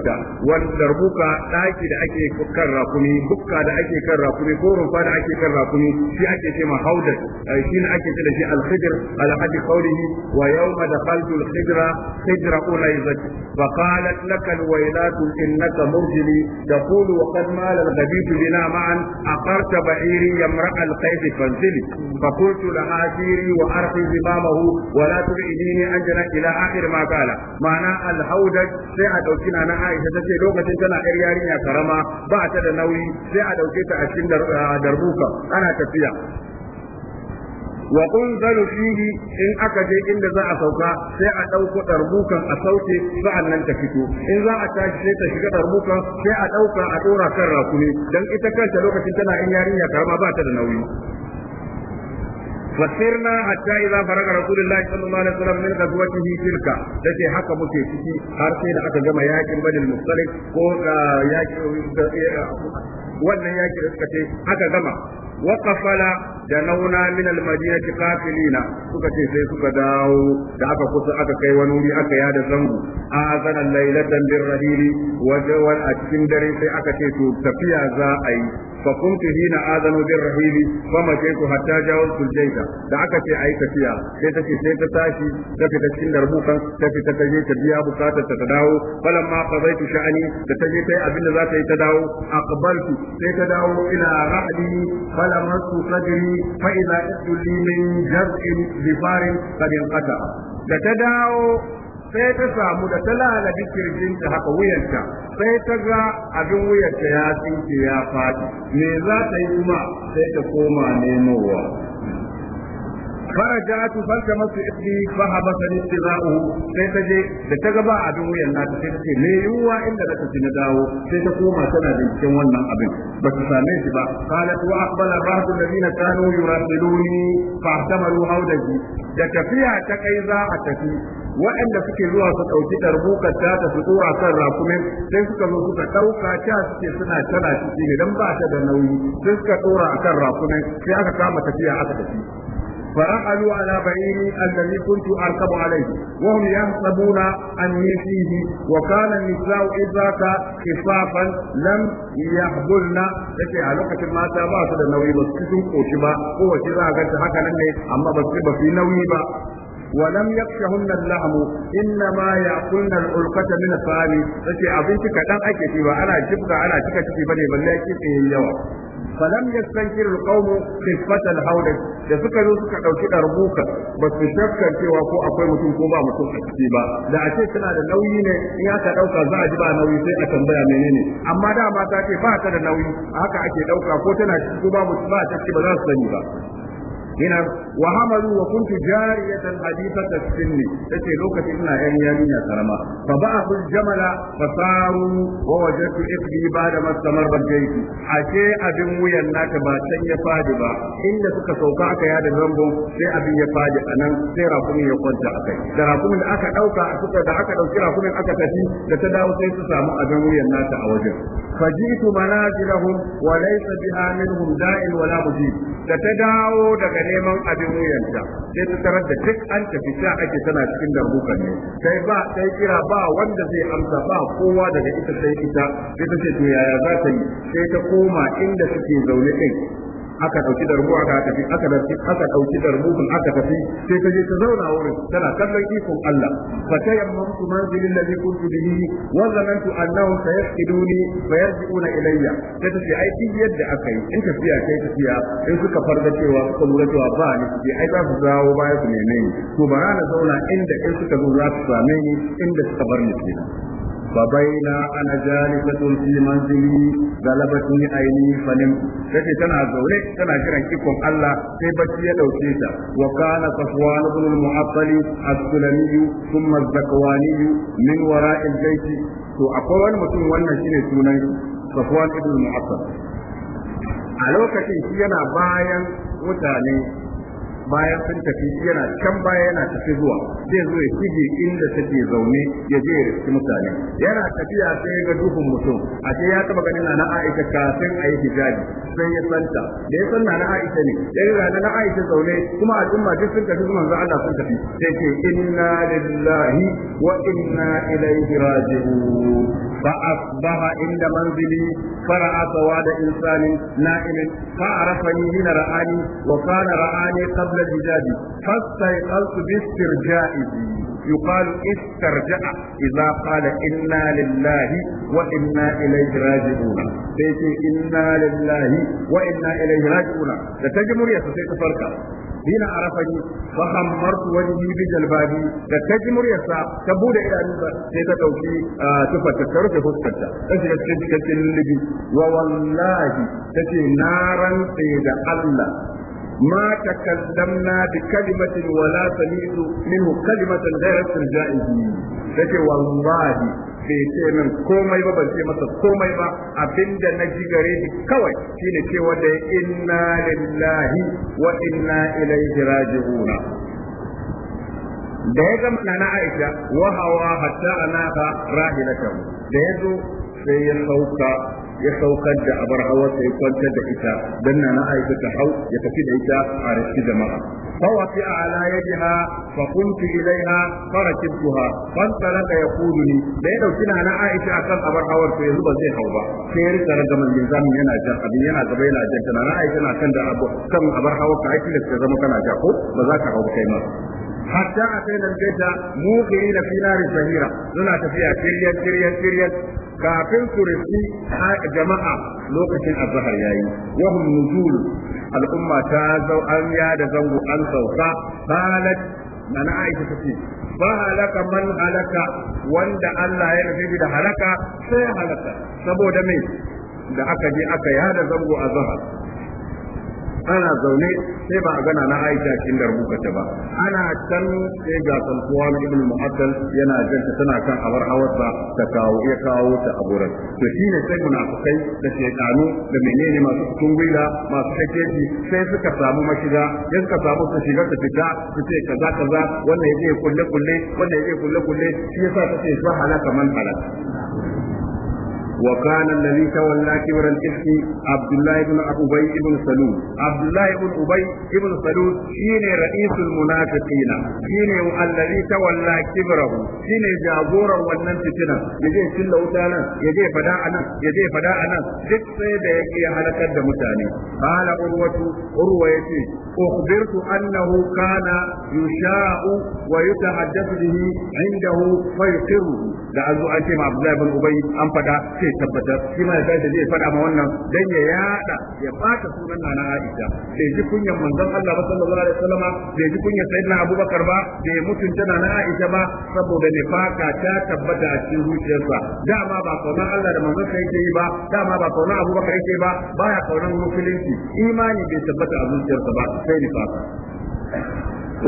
والدربوكا تاكي دا أكي كر راكمي بكا دا أكي كر راكمي كورفا دا أكي كر راكمي في أكي كما هودج شين أكي تلشي الخدر على حد قوله ويوم دخلت الخدر خدر أوليزة فقالت لك الويلات إنك مرجلي تقول وقد مال الغبيب بنا معا أقرت بعيري يمرأ القيد فانزلي فقلت لها سيري وارقي زمامه ولا تبعديني انجلا الى اخر ما قال معنى الهودج sai a ɗauki nana na Aisha tace lokacin tana yar yarinya karama ba ta da nauyi sai a dauke ta a cikin darbuka ana tafiya wa unzalu fihi in aka je inda za a sauka sai a dauko darbukan a sauke sa'an nan ta fito in za a tashi sai ta shiga darbukan sai a ɗauka a ɗora kan rakumi Don ita kanta lokacin tana 'yarinyar yarinya karama ba ta da nauyi وسرنا حتى إذا فرغ رسول الله صلى الله عليه وسلم من غزوته تلك التي حكم في تشي حرسي لحتى جمع ياكل بني المختلف ياكل wannan yaki da suka ce aka gama wa kafala janauna min almadinati qafilina suka ce sai suka dawo da aka kusa aka kai wani wuri aka yada zango azana laylatan birrahili wajawal a cikin dare sai aka ce to tafiya za a yi فكنت هنا آذن بالرحيل فمشيت حتى جاوزت الجيش da aka ce ai tafiya sai ta ce sai ta tashi ta fita cikin darbukan ta fita ta je ta biya bukatar ta dawo falan ma qadaitu sha'ani da ta je ta yi abin da za ta yi ta dawo aqbaltu sai ta dawo ila ra'li falan su sadri فإذا تبتلي من جزء ظفار قد da ta dawo sai ta samu da ta lalabi kirjinta haka wuyarta, sai ta ga abin wuyanta ya tsinke ya faɗi me za ta yi ma sai ta koma nemowa فرجعت فالتمست اخي فحبسني استذاؤه sai ta je da ta gaba abin wuyan nata ta ce me yiwuwa inda da tafi na dawo sai ta koma tana binciken wannan abin ba su same shi ba qalat wa aqbala ba'd alladhina kanu yurasiluni fahtamalu hawdaji da tafiya ta kai za a tafi waɗanda suke zuwa su ɗauki ɗarbukar ta su fito a kan rakumin sai suka zo suka ɗauka ta suke suna tana ciki ne don ba ta da nauyi sai suka ɗora akan kan sai aka kama tafiya aka tafi فرحلوا على بعيري الذي كنت أركب عليه وهم يحسبون أني فيه وكان النساء إذا خفافا لم يحبلن yace a lokacin mata ba su da nauyi ba su sun koshi ba kowace za a ganta haka nan ne amma ba su ba nauyi ba ولم يخشهن اللحم انما ياكلن الالقة من الثاني yace abinci kadan ake ci ba ana jibga ana cika ciki bane balle kitse yawa falam yastankir alqawm hau alhawd da suka zo suka ɗauki ɗarbuka ba su shakka cewa ko akwai mutum ko ba mutum a ciki ba da a ce tana da nauyi ne in aka ɗauka za a ji ba nauyi sai a tambaya menene amma da ma ta ce ba ta da nauyi haka ake ɗauka ko tana ciki ko ba mutum ba ciki ba za su sani ba ina wa hamalu wa kuntu jariyatan ne, sinni tace lokacin ina yan yarinya karama fa ba'ahu jamala fa saru wa ba ibni ba'da ma samarra jayki abin wuyan naka ba can ya fadi ba inda suka sauka aka yada zangon sai abin ya fadi anan sai rakumin ya kwanta akai da rakumin da aka dauka suka da aka dauki rakumin aka tafi da ta dawo sai su samu abin wuyan nata a wajen fajitu manazilahum wa laysa biha minhum da'in wala mujib da ta dawo daga neman abin wuyanta sai ta tarar da duk an tafi sha ake tana cikin darbukan ne sai ba sai kira ba wanda zai amsa ba kowa daga ita sai ita sai ta ce to yaya za ta yi sai ta koma inda suke zaune din aka dauki darbu aka tafi aka dauki aka darbu darbun aka tafi sai ta je ta zauna wurin tana kallon ikon Allah fa tayammamtu manzilin alladhi kuntu bihi wa zanantu annahum sayafqiduni fa yarji'una ilayya ta tafi ai duk yadda aka yi in tafiya kai tafiya in suka farga cewa suka lura cewa ba ni ce ai za su dawo baya su neme ni to ba na zauna inda in suka zo za su same ni inda suka bar ni kenan فبين انا جالسة في منزلي غلبتني عيني فنمت تجي تنا زوري تنا جيران كيكم الله في بشي دوكيتا وكان صفوان بن المعطل السلمي ثم الزكواني من وراء البيت to akwai wani mutum wannan shine sunan Safwan ibn Mu'assal a lokacin shi yana bayan mutane bayan sun tafi yana can baya yana tafi zuwa zai zo ya shige inda take zaune ya je ya riski mutane yana tafiya sai ga duhun mutum a ce ya taba ganin na Aisha kafin a yi hijabi sai ya santa da ya san na Aisha ne da ya na Aisha zaune kuma al'umma duk sun tafi manzo Allah sun tafi sai ce inna lillahi wa inna ilaihi raji'un fa asbaha inda manzili fara'a sawada insani na'ilin fa arafani hina ra'ani wa kana ra'ani الحجاب فاستيقظت باسترجائه يقال استرجع إذا قال إنا لله وإنا إليه راجعون سيتي إنا لله وإنا إليه راجعون لتجمر يستطيع فرقا حين عرفني فخمرت وجهي بجلبابي لتجمر يسا تبود إلى نبا سيتتوكي تفت ترك فسكتا تجد تجد تجد ووالله تجد نارا سيد الله ما تكلمنا بكلمة ولا سمعت منه كلمة غير استرجائه لكن والله bai ce min komai ba ban ce masa komai ba abinda na ji gare ni kawai shine cewa da inna lillahi wa inna ilaihi raji'una da ya zama na Aisha wa hawa hatta anaka rahilatahu da ya zo sai ya sauka ya saukar da abar ya kwantar da ita dan na na aisha ta hau ya tafi da ita a rashi jama'a فوطئ على يدها فقمت fara فركبتها ban يقودني da ya da dauki na na Aisha akan abar hawar to yanzu ba zai hau ba sai ya rika ragaman linzami yana jan abin yana gaba yana jan na Aisha na kan da kan abar hawar ka aiki da zama kana ja ko ba za ka hau kai ma hatta ataina albayta muqirina da narin zahira suna tafiya kiryan kiryan kiryan kafin su rufi jama'a lokacin azhar yayi wa hum nuzul al'umma ta zau an ya da zango an sauka halat nana aisha tace ba halaka man halaka wanda Allah ya rufe da halaka sai halaka saboda me da aka je aka yada zango a zahar ana zaune sai ba a gana na Aisha cikin darbu ta ba ana can sai ga Salkuwa ibn Mu'attal yana janta tana kan abar hawarsa ta kawo ya kawo ta a to shine sai munafikai da shaytanu da menene masu gwiwa masu kakeji sai suka samu mashiga ya suka samu su shiga su fita su ce kaza kaza wannan yake kulle kulle wannan yake kulle kulle shi yasa kace fa halaka halaka وكان الذي تولى كبر الإفك عبد الله بن أبي بن سلول عبد الله بن أبي بن سلول شين رئيس المنافقين شين الذي تولى كبره شين جابورا والنمتنا يجي شل وتانا يجي فدا يجي duk sai da yake halakar da mutane qala urwatu urwa yace ukhbirtu annahu kana yusha'u wa yutahaddathu bihi indahu fa yuqiru da azu an ce ma an ce zai tabbatar shi ma ya da zai faɗa ma wannan dan ya yada ya fata sunan nana Aisha bai ji kunyan manzon Allah ba sallallahu alaihi wasallama bai ji kunyan sayyidina Abubakar ba bai mutunta nana Aisha ba saboda nifaka ta tabbata a cikin zuciyarsa dama ba kaunar Allah da manzon sai yake yi ba dama ba kaunar Abubakar yake ba baya kaunar musulunci imani bai tabbata a zuciyarsa ba sai nifaka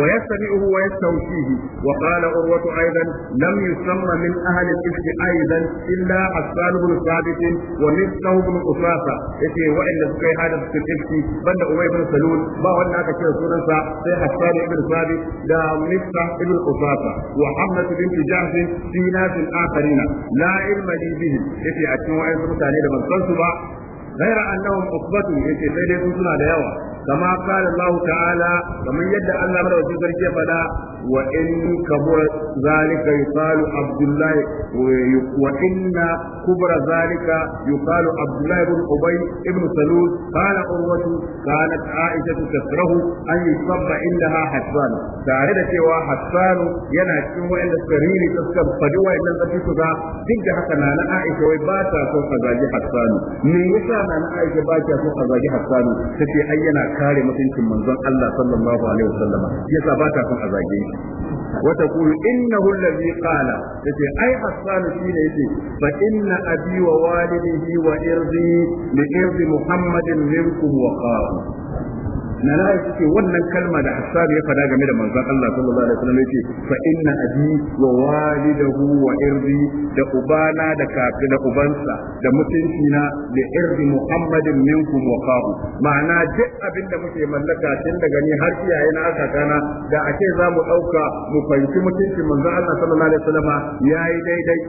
ويستمعه ويستوشيه وقال عروة أيضا لم يسمى من أهل الإفك أيضا إلا حسان بن ثابت ومثله بن أساسة يتي وإن سكي هذا في الإفك بند أمي بن سلول ما وإن هذا كي سننسى سي حسان بن ثابت دا مثله بن أساسة وحملة بنت جعف في ناس آخرين لا علم لي بهم يتي أتنوا أيضا متعني لمن سنسوا غير أنهم أصبتوا يتي سيدي سنة ديوة كما قال الله تعالى ومن يدعى الله من رسول الله فدا وإن كبر ذلك يقال عبد الله وإن كبر ذلك يقال عبد الله بن أبي بن سلول قال قروة كانت عائشة تكره أن يصب عندها حسان تعرف سوى حسان ينهج وإن إلا السرير تسكب فجوة إلا تسكب تلك أنا لعائشة وباتا سوى حسان من يسانا لعائشة باتا سوى حسان ستي أينك kare mutuncin manzon Allah sallallahu alaihi wasallam yasa ba ta son a zage shi wa taqulu innahu allazi qala yace ai hasan shi ne yace fa inna abi wa walidihi wa irdi li irdi muhammadin minkum wa qala na ra'ayi suke wannan kalma da Hassan ya fada game da manzon Allah sallallahu alaihi wasallam yace fa inna abi wa walidahu wa irdi da ubana da kafi da ubansa da mutunci na da irdi Muhammadin minkum wa qahu ma'ana duk abin da muke mallaka tun daga ni har iyaye na aka kana da ake za mu dauka mu fahimci mutuncin manzon Allah sallallahu alaihi wasallam yayi daidai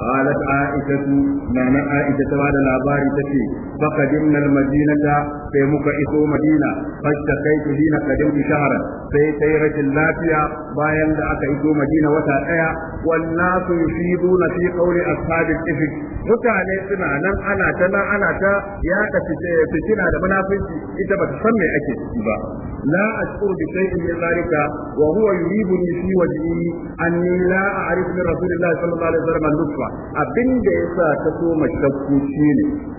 قالت عائشة نانا عائشة بعد الأبار تتي فقدمنا المدينة في مكئسو مدينة ta حين قدمت شهرا في سيرة اللافية باين لأكئسو مدينة وتأيا والناس يفيضون في قول أصحاب الإفك mutane suna nan ana ta nan ana ta ya ka fitina da munafinci ita ba ta san me ake ciki ba la ashkuru bi shay'in min zalika wa huwa yuribuni fi wajhi anni la a'rifu min rasulillahi sallallahu alaihi wasallam lutfa ba abin da ya sa ta koma shakku ne.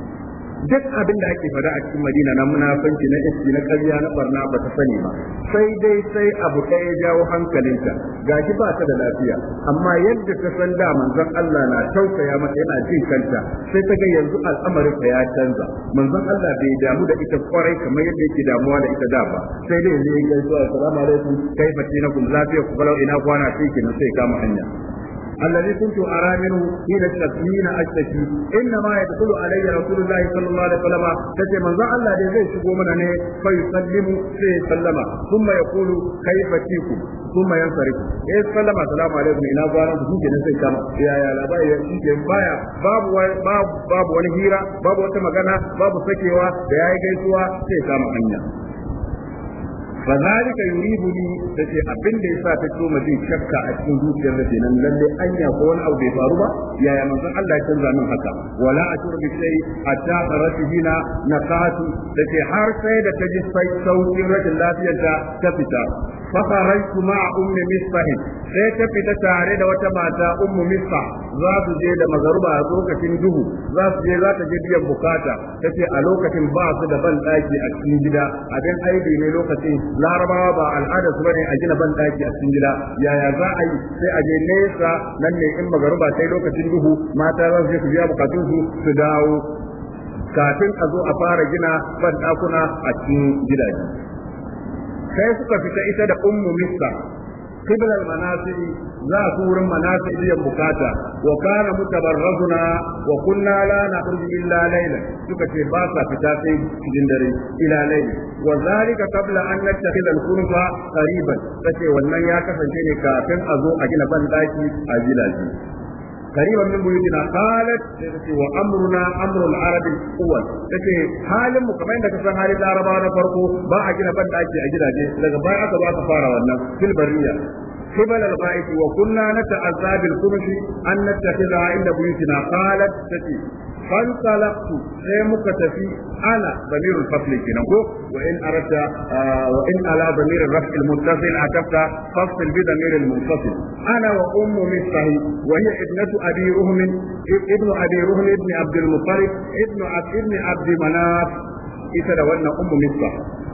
duk abin da ake faɗa a cikin Madina na munafanci na iski na karya na barna ba ta sani ba sai dai sai abu ɗaya ya jawo hankalinta gashi ba ta da lafiya amma yadda ta san da manzon Allah na tausaya mata yana jin kanta sai ta ga yanzu al'amarin ta ya canza manzon Allah bai damu da ita kwarai kamar yadda yake damuwa da ita da ba sai dai yanzu ya gaisuwa assalamu alaikum kai fa kina kun lafiya ku balau ina kwana sai kina sai kama hanya الذي كنت أرى منه حين التسمين أشتكي إنما يدخل علي رسول الله صلى الله عليه وسلم تتي من ذا الله لذي شكو من فيسلم فيسلم ثم يقول كيف تيكم ثم ينصرف يسلم السلام عليكم إنا فارا سكوك نسي كما يا يا لا باي بايا باب باب باب ونهيرة باب وتمغنى باب سكيوا بيا يجيسوا سي كما أنيا fa zalika da ce abin da sa ta tsoma jin shakka a cikin zuciyar da nan lalle anya ko wani abu bai faru ba yaya manzon Allah ya canza min haka wala tura bi a ta kharatu hina da ke har sai da ta ji sai sautin rashin lafiyar ta ta fita fa kharajtu a ummi misbah sai ta fita tare da wata mata ummu misbah za su je da magaruba a lokacin duhu za su je za ta je biyan bukata tace a lokacin ba su da ban daki a cikin gida abin aibi ne lokacin larabawa ba al'ada su bane a gina ban daki a cikin gida yaya za a yi sai a je nesa nan ne in magaruba sai lokacin duhu mata za su je su biya bukatun su su dawo kafin a zo a fara gina ban dakuna a cikin gidaje sai suka fita ita da ummu mista قبل المناسب لا صور مناسب بكاتا وكان متبرزنا وكنا لا نخرج إلا ليلا سكتي باسا في تاتي جندري إلى ليل وذلك قبل أن نتخذ الخلفة قريبا فتي والمن يا كفن كافن أزو أجل بندايتي أجلاجي قريبا من بيوتنا قالت وامرنا امر العرب الاول تتي حالin mu kamar yadda kasan halin larabawa na farko ba a gina ban a gidaje daga baya aka zo fara wannan filbariya قبل الغائب وكنا نتعذى بالكرش أن نتخذها عند بيوتنا قالت تتي فانطلقت سيمك تفي أنا ضمير الفصل كنكو وإن أردت آه وإن على ضمير الرفع المتصل أتبت فصل بضمير المنفصل أنا وأم مثله وهي ابنة أبي رهم ابن أبي رهم ابن عبد المطلب ابن ابن عبد مناف ita da wannan ummu misba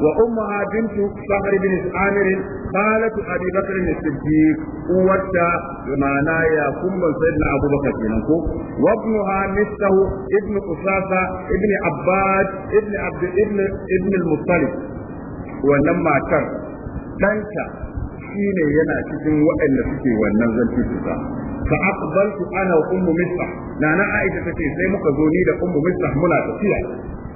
wa ummu bintu sahr bin amir qalat abi bakr bin siddiq uwata mana ya kumma sayyidina abubakar kenan ko wa ibnuha mistahu ibnu qusasa ibnu abbad ibnu abd ibn ibn al-muttalib wannan matar danta shine yana cikin waɗanda suke wannan zanci tuka fa aqbaltu ana wa ummu misbah nana aisha take sai muka zo ni da ummu misbah muna tafiya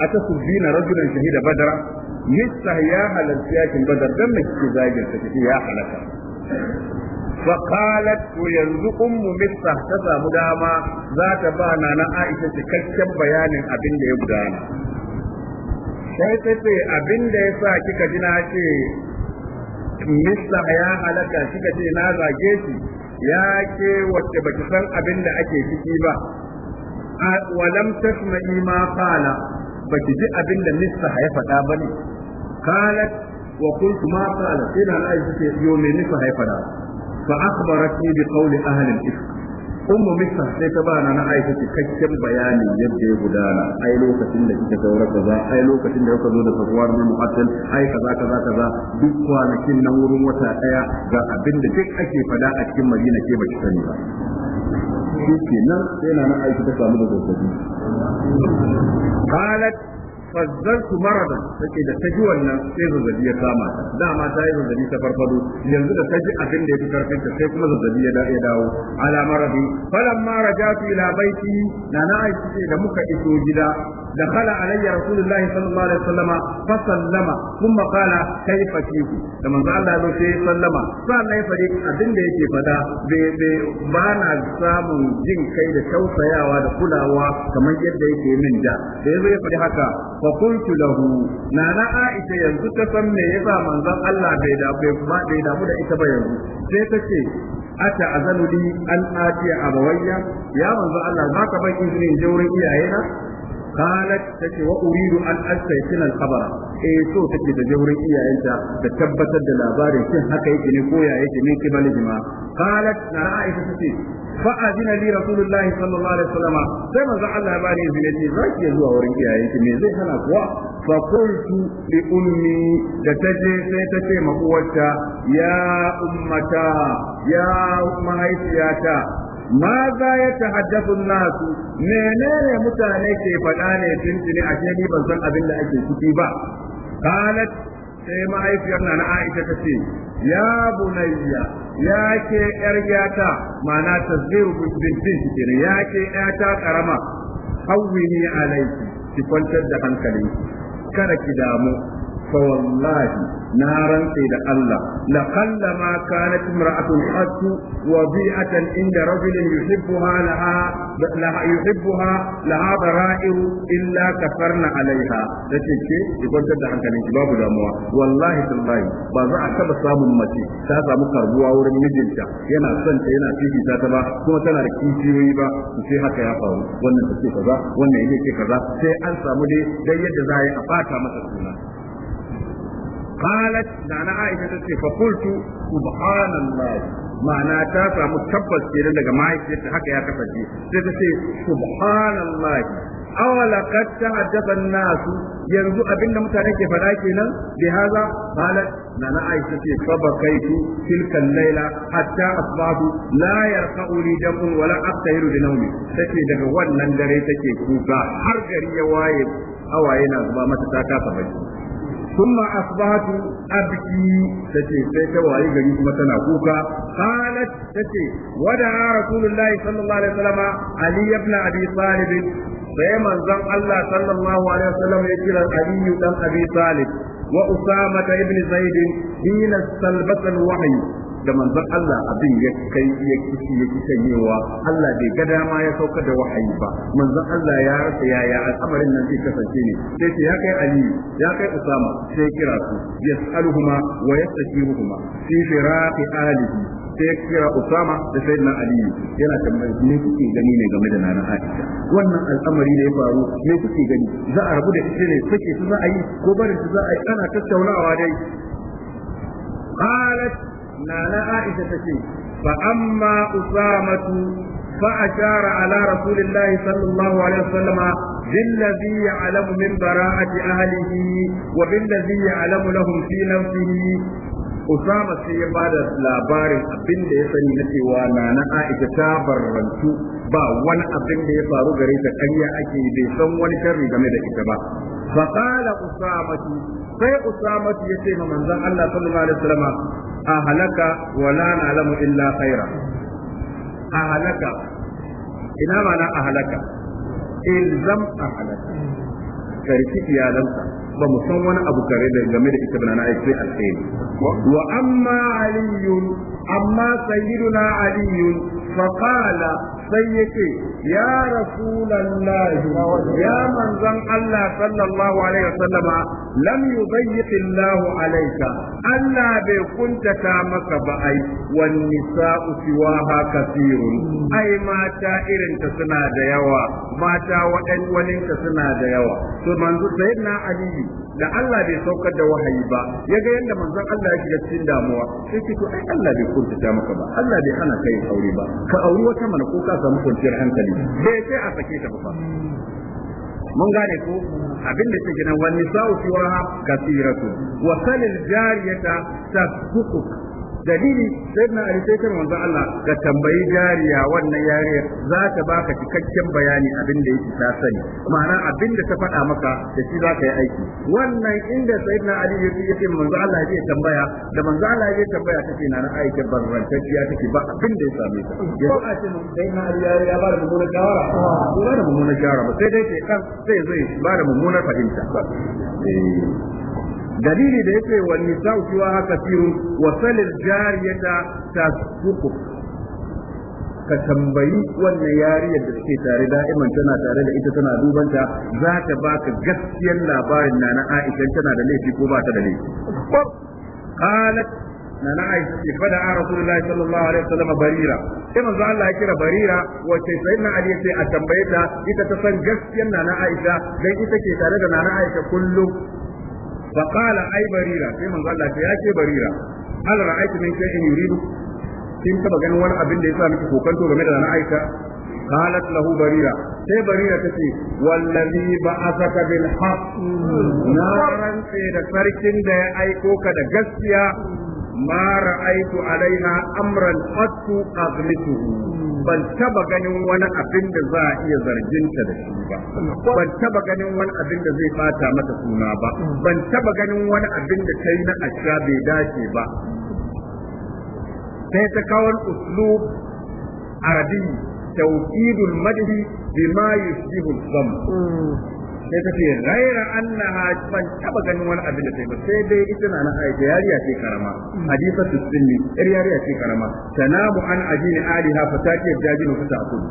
atasubina rajulan shahida badara mista ya halarci yakin badar dan mai kike zagin ta ya فقالت ويرزو أم مصر تسا داما ذات بانا نعائشة تكشف بيان أبن دي sai ta ce abin da ya sa kika ji na ce mista ya halaka kika ce na zage shi ya ke wacce baki san abin da ake ciki ba walam tasma'i ma baki ji abin da mistaha ya faɗa ne. qalat wa qultu ma qala sai da Aisha ce yo me mistaha ya faɗa fa akhbaratni bi qawli ahli ifk ummu mista sai ta bana na aisha cikakken bayani yadda ya gudana ai lokacin da kika gaura kaza ai lokacin da kuka zo da sabuwar min mu'attal ai kaza kaza kaza duk kwanakin nan wurin wata daya ga abin da duk ake faɗa a cikin madina ke baki sani ba ke nan sai na na aiki ta samu da zazzabi qalat fazzaltu maradan take da ta ji wannan sai zazzabi ya kama ta dama ta yi zazzabi ta farfado yanzu da ta ji abin da ya fi karfin ta sai kuma zazzabi ya da ya dawo ala maradi falamma rajatu ila baiti na na aiki da muka iso gida دخل علي رسول الله صلى الله عليه وسلم فسلم ثم قال كيف فيك لما قال له sai sallama sa ya faɗi abin da yake fada bai na samun jin kai da tausayawa da kulawa kamar yadda yake min da da yazo ya faɗi haka fa qultu lahu nana aisha yanzu ta san me yasa manzon Allah bai da bai da ita ba yanzu sai ta ce ata azanu li an ati abawayya ya manzo Allah zaka ban izini je wurin iyayena Khalad tace wa uridu an astayqina al-khabara eh so take da jawrin iyayenta da tabbatar da labarin kin haka yake ne ko ya yake ne kibali jima qalat na ra'ayta tace fa azina li rasulullahi sallallahu alaihi wasallam sai manzo Allah ya bani izini ce zaki zuwa wurin iyayenki me zai hana kuwa fa qultu li ummi da taje sai ta ce ma uwarta ya ummata ya mahaifiyata ma za ya tahaddathu nasu menene mutane ke faɗa ne tuntuni a ni ban san abin da ake ciki ba qalat sai ma'aikiyar na na Aisha ta ce ya bunayya ya ke yar yata ma'ana tasbiru bintin kenan ya ke yata karama hawwini alaiki ki kwantar da hankali kada ki damu فوالله نارا سيد الله لقلما كانت امرأة الحج وضيئة عند رجل يحبها لها لها يحبها لها ضرائر إلا كفرنا عليها لكن يقول جدا عن كان باب دموع والله تالله بعض أكب صام متي تاسع مقربوا ورم مجلسة ينا سنة ينا فيه تاتبا كما تنا ركيشي با في حكا يا قوم وانا تسي كذا وانا إليك كذا سيأل سامدي دي يد زاي أفاكا مثل qalat da na aisha ta ce fa qultu subhanallah ma'ana ta samu tabbas kenan daga mahaifiyarta haka ya kasance sai ta ce subhanallah awala qad tahaddatha an-nas yanzu abinda mutane ke fada kenan bi haza Na nana aisha ce sabaqaitu tilka al-laila hatta asbahu la yarqa'u li damun wa la aqtahiru bi nawmi take daga wannan dare take kuka har gari ya waye hawaye na zuba masa ta kasa ثم أصبحت أبكي تتي سيتا وعي غني كما تنا كوكا قالت تتي ودعا رسول الله صلى الله عليه وسلم علي بن أبي طالب sai manzon Allah sallallahu alaihi wasallam ya kira Ali dan Abi Talib wa Usama ibn Zaid dina salbatul wahyi da manzon Allah abin ya kai ya kici ya Allah bai ga dama ya sauka da wahayi ba manzon Allah ya rasa yaya al'amarin nan zai kasance ne sai ce ya kai Ali ya kai Usama sai kira su yas'aluhuma wa yastakiruhuma fi firaqi alihi sai ya kira Usama da Sayyidina Ali yana tambayar me kuke gani ne game da Nana Aisha wannan al'amari da ya faru me kuke gani za a rabu da ita ne sake su za a yi ko barin su za a yi ana tattaunawa dai قالت nana Aisha take fa amma usamatu fa a ashara ala rasulillahi sallallahu alaihi wasallam billadhi ya'lamu min bara'ati ahlihi wa billadhi ya'lamu lahum fi nafsihi Usama sai ya bada labarin abin da ya sani na cewa na Aisha ta barrantu ba wani abin da ya faru gare ta ƙarya ake bai san wani sharri game da ita ba. Faƙala Usama sai Usama ya ce ma manzon Allah sallallahu alaihi wasallam a halaka wa la na'lamu illa khaira. A halaka ina mana a halaka ilzam a halaka. Karki iyalanka ba mu san wani abu kare da game da ita bana na sai alheri wa amma aliyun amma sayyiduna aliyun fa qala sai yake يا رسول الله يا من زن الله صلى الله عليه وسلم لم يضيق الله عليك ألا بكنت كامك بأي والنساء سواها كثير أي ما تائر تسنى ديوى ما تاوأن ولن تسنى ديوى ثم سيدنا علي da Allah bai saukar da wahayi ba ya ga yadda manzon Allah yake shiga cikin damuwa sai ki to ai Allah bai kunta maka ba Allah bai hana kai aure ba ka auri wata mana ko ka samu kwanciyar hankali bai sai a sake ta ba mun gane ko abin da take nan wani sa'u wa kasiratu wa salil jariyata tasbuquka dalili sai na alifaitar manzo Allah ka tambayi jariya wannan yariya za ta baka cikakken bayani abin da yake ta sani ma'ana abin da ta faɗa maka da shi za ka yi aiki wannan inda na Ali ya ce yake manzo Allah ya tambaya da manzo Allah ya tambaya take na Aisha barrantacciya take ba abin da ya same ta ko a ce na Ali ya ba da mummunar jawara. ko ba da mummunar jawara ba sai dai ke kan sai zai ba da mummunar fahimta eh. dalili da yake wa nisa'u kiwa haka firu wa salil jariyata tasbuku ka tambayi wannan yariyar da suke tare da'iman tana tare da ita tana dubanta za ta baka gaskiyar labarin na na Aisha tana da laifi ko ba ta da laifi qalat na na Aisha fada a Rasulullah sallallahu alaihi wasallam barira sai manzo Allah ya kira barira wace sayyidina Ali ya ce a tambaye ta ita ta san gaskiyar na na Aisha dan ita ke tare da na na Aisha kullum فقال اي بريره في من قال لك يا اخي بريره هل رايت من شيء يريد kin taba ganin wani abin da yasa miki kokan to game da na aisha qalat lahu barira sai barira tace wallazi ba'athaka bil haqq na ran da sarkin da ya aiko ka da gaskiya ma ra'aitu alaiha amran qattu aqlitu ban taba ganin wani abin da za a iya zarginta da shi ba ban taba ganin wani abin da zai bata mata suna ba ban taba ganin wani abin da kai na asha bai dace ba sai ta kawar uslub arabi tawkidul madhi bima yushbihu sai ta ce ghaira annaha ban taba ganin wani abin da sai ba sai dai ita na nan aisha yariya ce karama hadisa sunni yar yariya ce karama tanabu an ajini aliha jaji jajinu fata akulu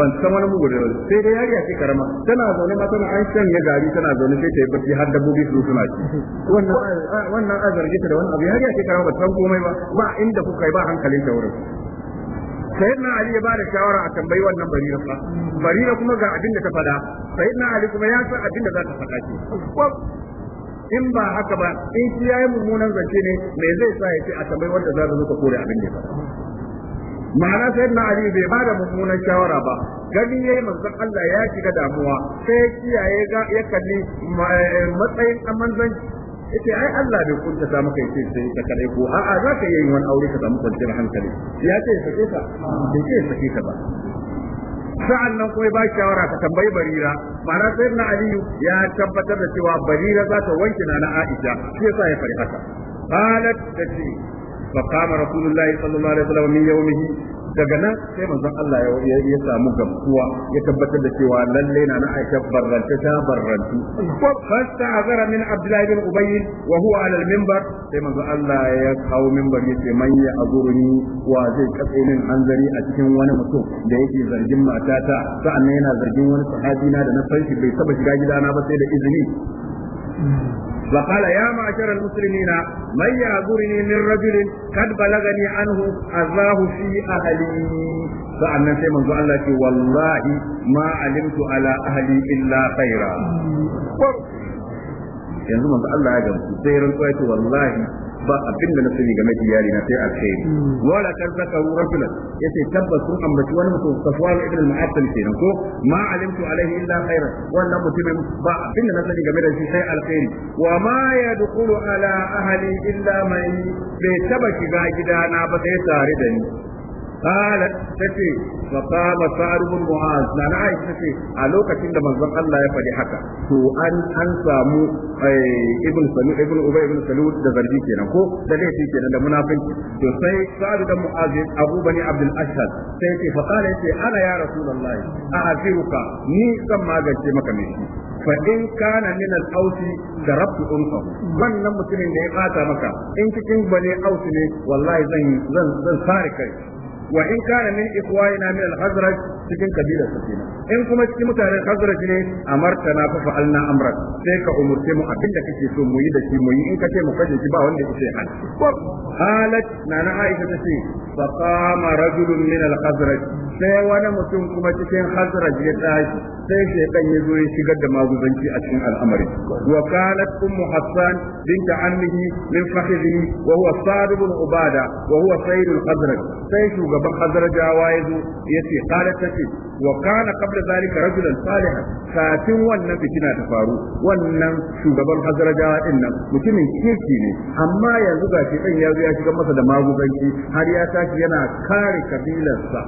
ban san wani mugu da sai dai yariya ce karama tana zaune ma tana an ya gari tana zaune sai ta yi barci har dabbobi su suna ci wannan wannan azarge da wani abu yariya ce karama ba san komai ba ba inda kuka yi ba hankalin ta wurin sayyidina ali ya bada shawara a tambayi wannan barira fa barira kuma ga abin da ta fada sayyidina ali kuma ya san abin za ta fada ce in ba haka ba in shi yayi mummunan zance ne me zai sa ya ce a tambayi wanda za zo ka kore abin da ya fada ma'ana sayyidina ali bai bada mummunan shawara ba gani yayi manzon Allah ya shiga damuwa sai kiyaye ya kalli eh, matsayin amanzanci yace ai Allah bai kunta ta maka yace sai ka kare ko a a zaka yi wani aure ka samu kwanciyar hankali ya ce sake ka bai ce sake ka ba sa'an nan kuma ba shawara ka tambayi barira ma'ana sayar na aliyu ya tabbatar da cewa barira za ta wanke na na aisha shi yasa ya fari haka qalat tace فقام رسول الله صلى الله عليه وسلم من يومه daga nan sai manzon Allah ya samu gamsuwa ya tabbatar da cewa lalle na na Aisha barranta ta barrantu azara min Abdullahi bin ubayy wa huwa ala al-minbar sai manzon Allah ya kawo minbar ce man ya azuruni wa zai katse min anzari a cikin wani mutum da yake zargin matata sa'annan yana zargin wani sahabi na da na san bai taba shiga gidana ba sai da izini وقال يا معشر المسلمين من يعذرني من رجل قد بلغني عنه أذاه في أهلي فأنا سيما الله والله ما علمت على أهلي إلا خيرا yanzu manzo Allah ya gamsu sai ran ya ce wallahi ba abin da na sani game da iyali na sai alkhairi hmm. wala kan zakaru rajula yace tabbas sun ambaci wani mutum safwan ibn al-mu'attal kenan ko ma alimtu alaihi illa khaira wannan mutumin ba abin da na sani game da shi sai alkhairi wa ma yadkhulu ala ahli illa man bai taba shiga gidana ba sai tare da ni قال تتي فقام سعد بن معاذ نانا عائشة تتي ألوك تند من ذن الله يفدي حكا تو أن أنسى مو ابن سلول ابن أبي ابن سلول ده زرجي كينا كو ده ليه تي كينا ده منافق تو سي سعد بن معاذ أبو بني عبد الأشهد سيتي فقال يتي أنا يا رسول الله أعذرك ني سمع جنتي مكمشي fa in kana min al-ausi darabtu unqahu wannan mutumin da ya bata maka in cikin bane ausi ne wallahi zan zan zan sare kai wa in kana min ikhwana min al-khazraj cikin kabila su in kuma cikin mutanen khazraj ne amartana fa fa'alna amran sai ka umurce mu abinda kake so mu yi da shi mu yi in kace mu kaje shi ba wanda yake hal halat na aisha ta ce fa qama rajulun min al-khazraj sai wani mutum kuma cikin khazraj ya tashi sai shaytan ya zo ya shigar da maguzanci a cikin al'amari wa qalat ummu hassan bint ammihi min fakhihi wa huwa sa'd ibn ubada wa huwa sayyid khazraj sai shugaban. shugaban azrajawa ya zo ya ce kala ta ce wa kana qabla zalika rajulan salihan kafin wannan fitina ta faru wannan shugaban azrajawa din nan mutumin kirki ne amma yanzu ga shi ya zo ya shiga masa da maguzanci har ya tashi yana kare kabilarsa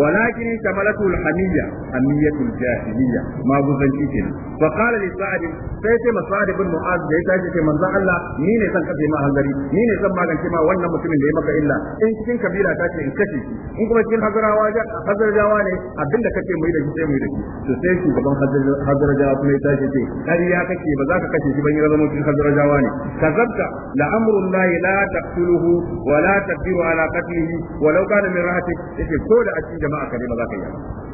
ولكن شملته الحمية حمية الجاهلية ما بوزن كيكنا فقال لسعد سيتم سعد بن معاذ ليس يجي من ذا الله مين يسن كفي ما هنغري مين يسن ما لنكي ما وانا مسلمين ليما إلا إن كن كبيرة تاتي إن كشي إن كما كن حضر واجا حضر جواني أبن لك كي ميدا كي ميدا كي سيشي كبان حضر جواب ميدا كي كريا كي بذاك كشي كبان يرزم كن حضر جواني كذبت لأمر الله لا تقتله ولا تقدر على قتله ولو كان من راحتك يقول أتي jama'a ka ne ba za ka yi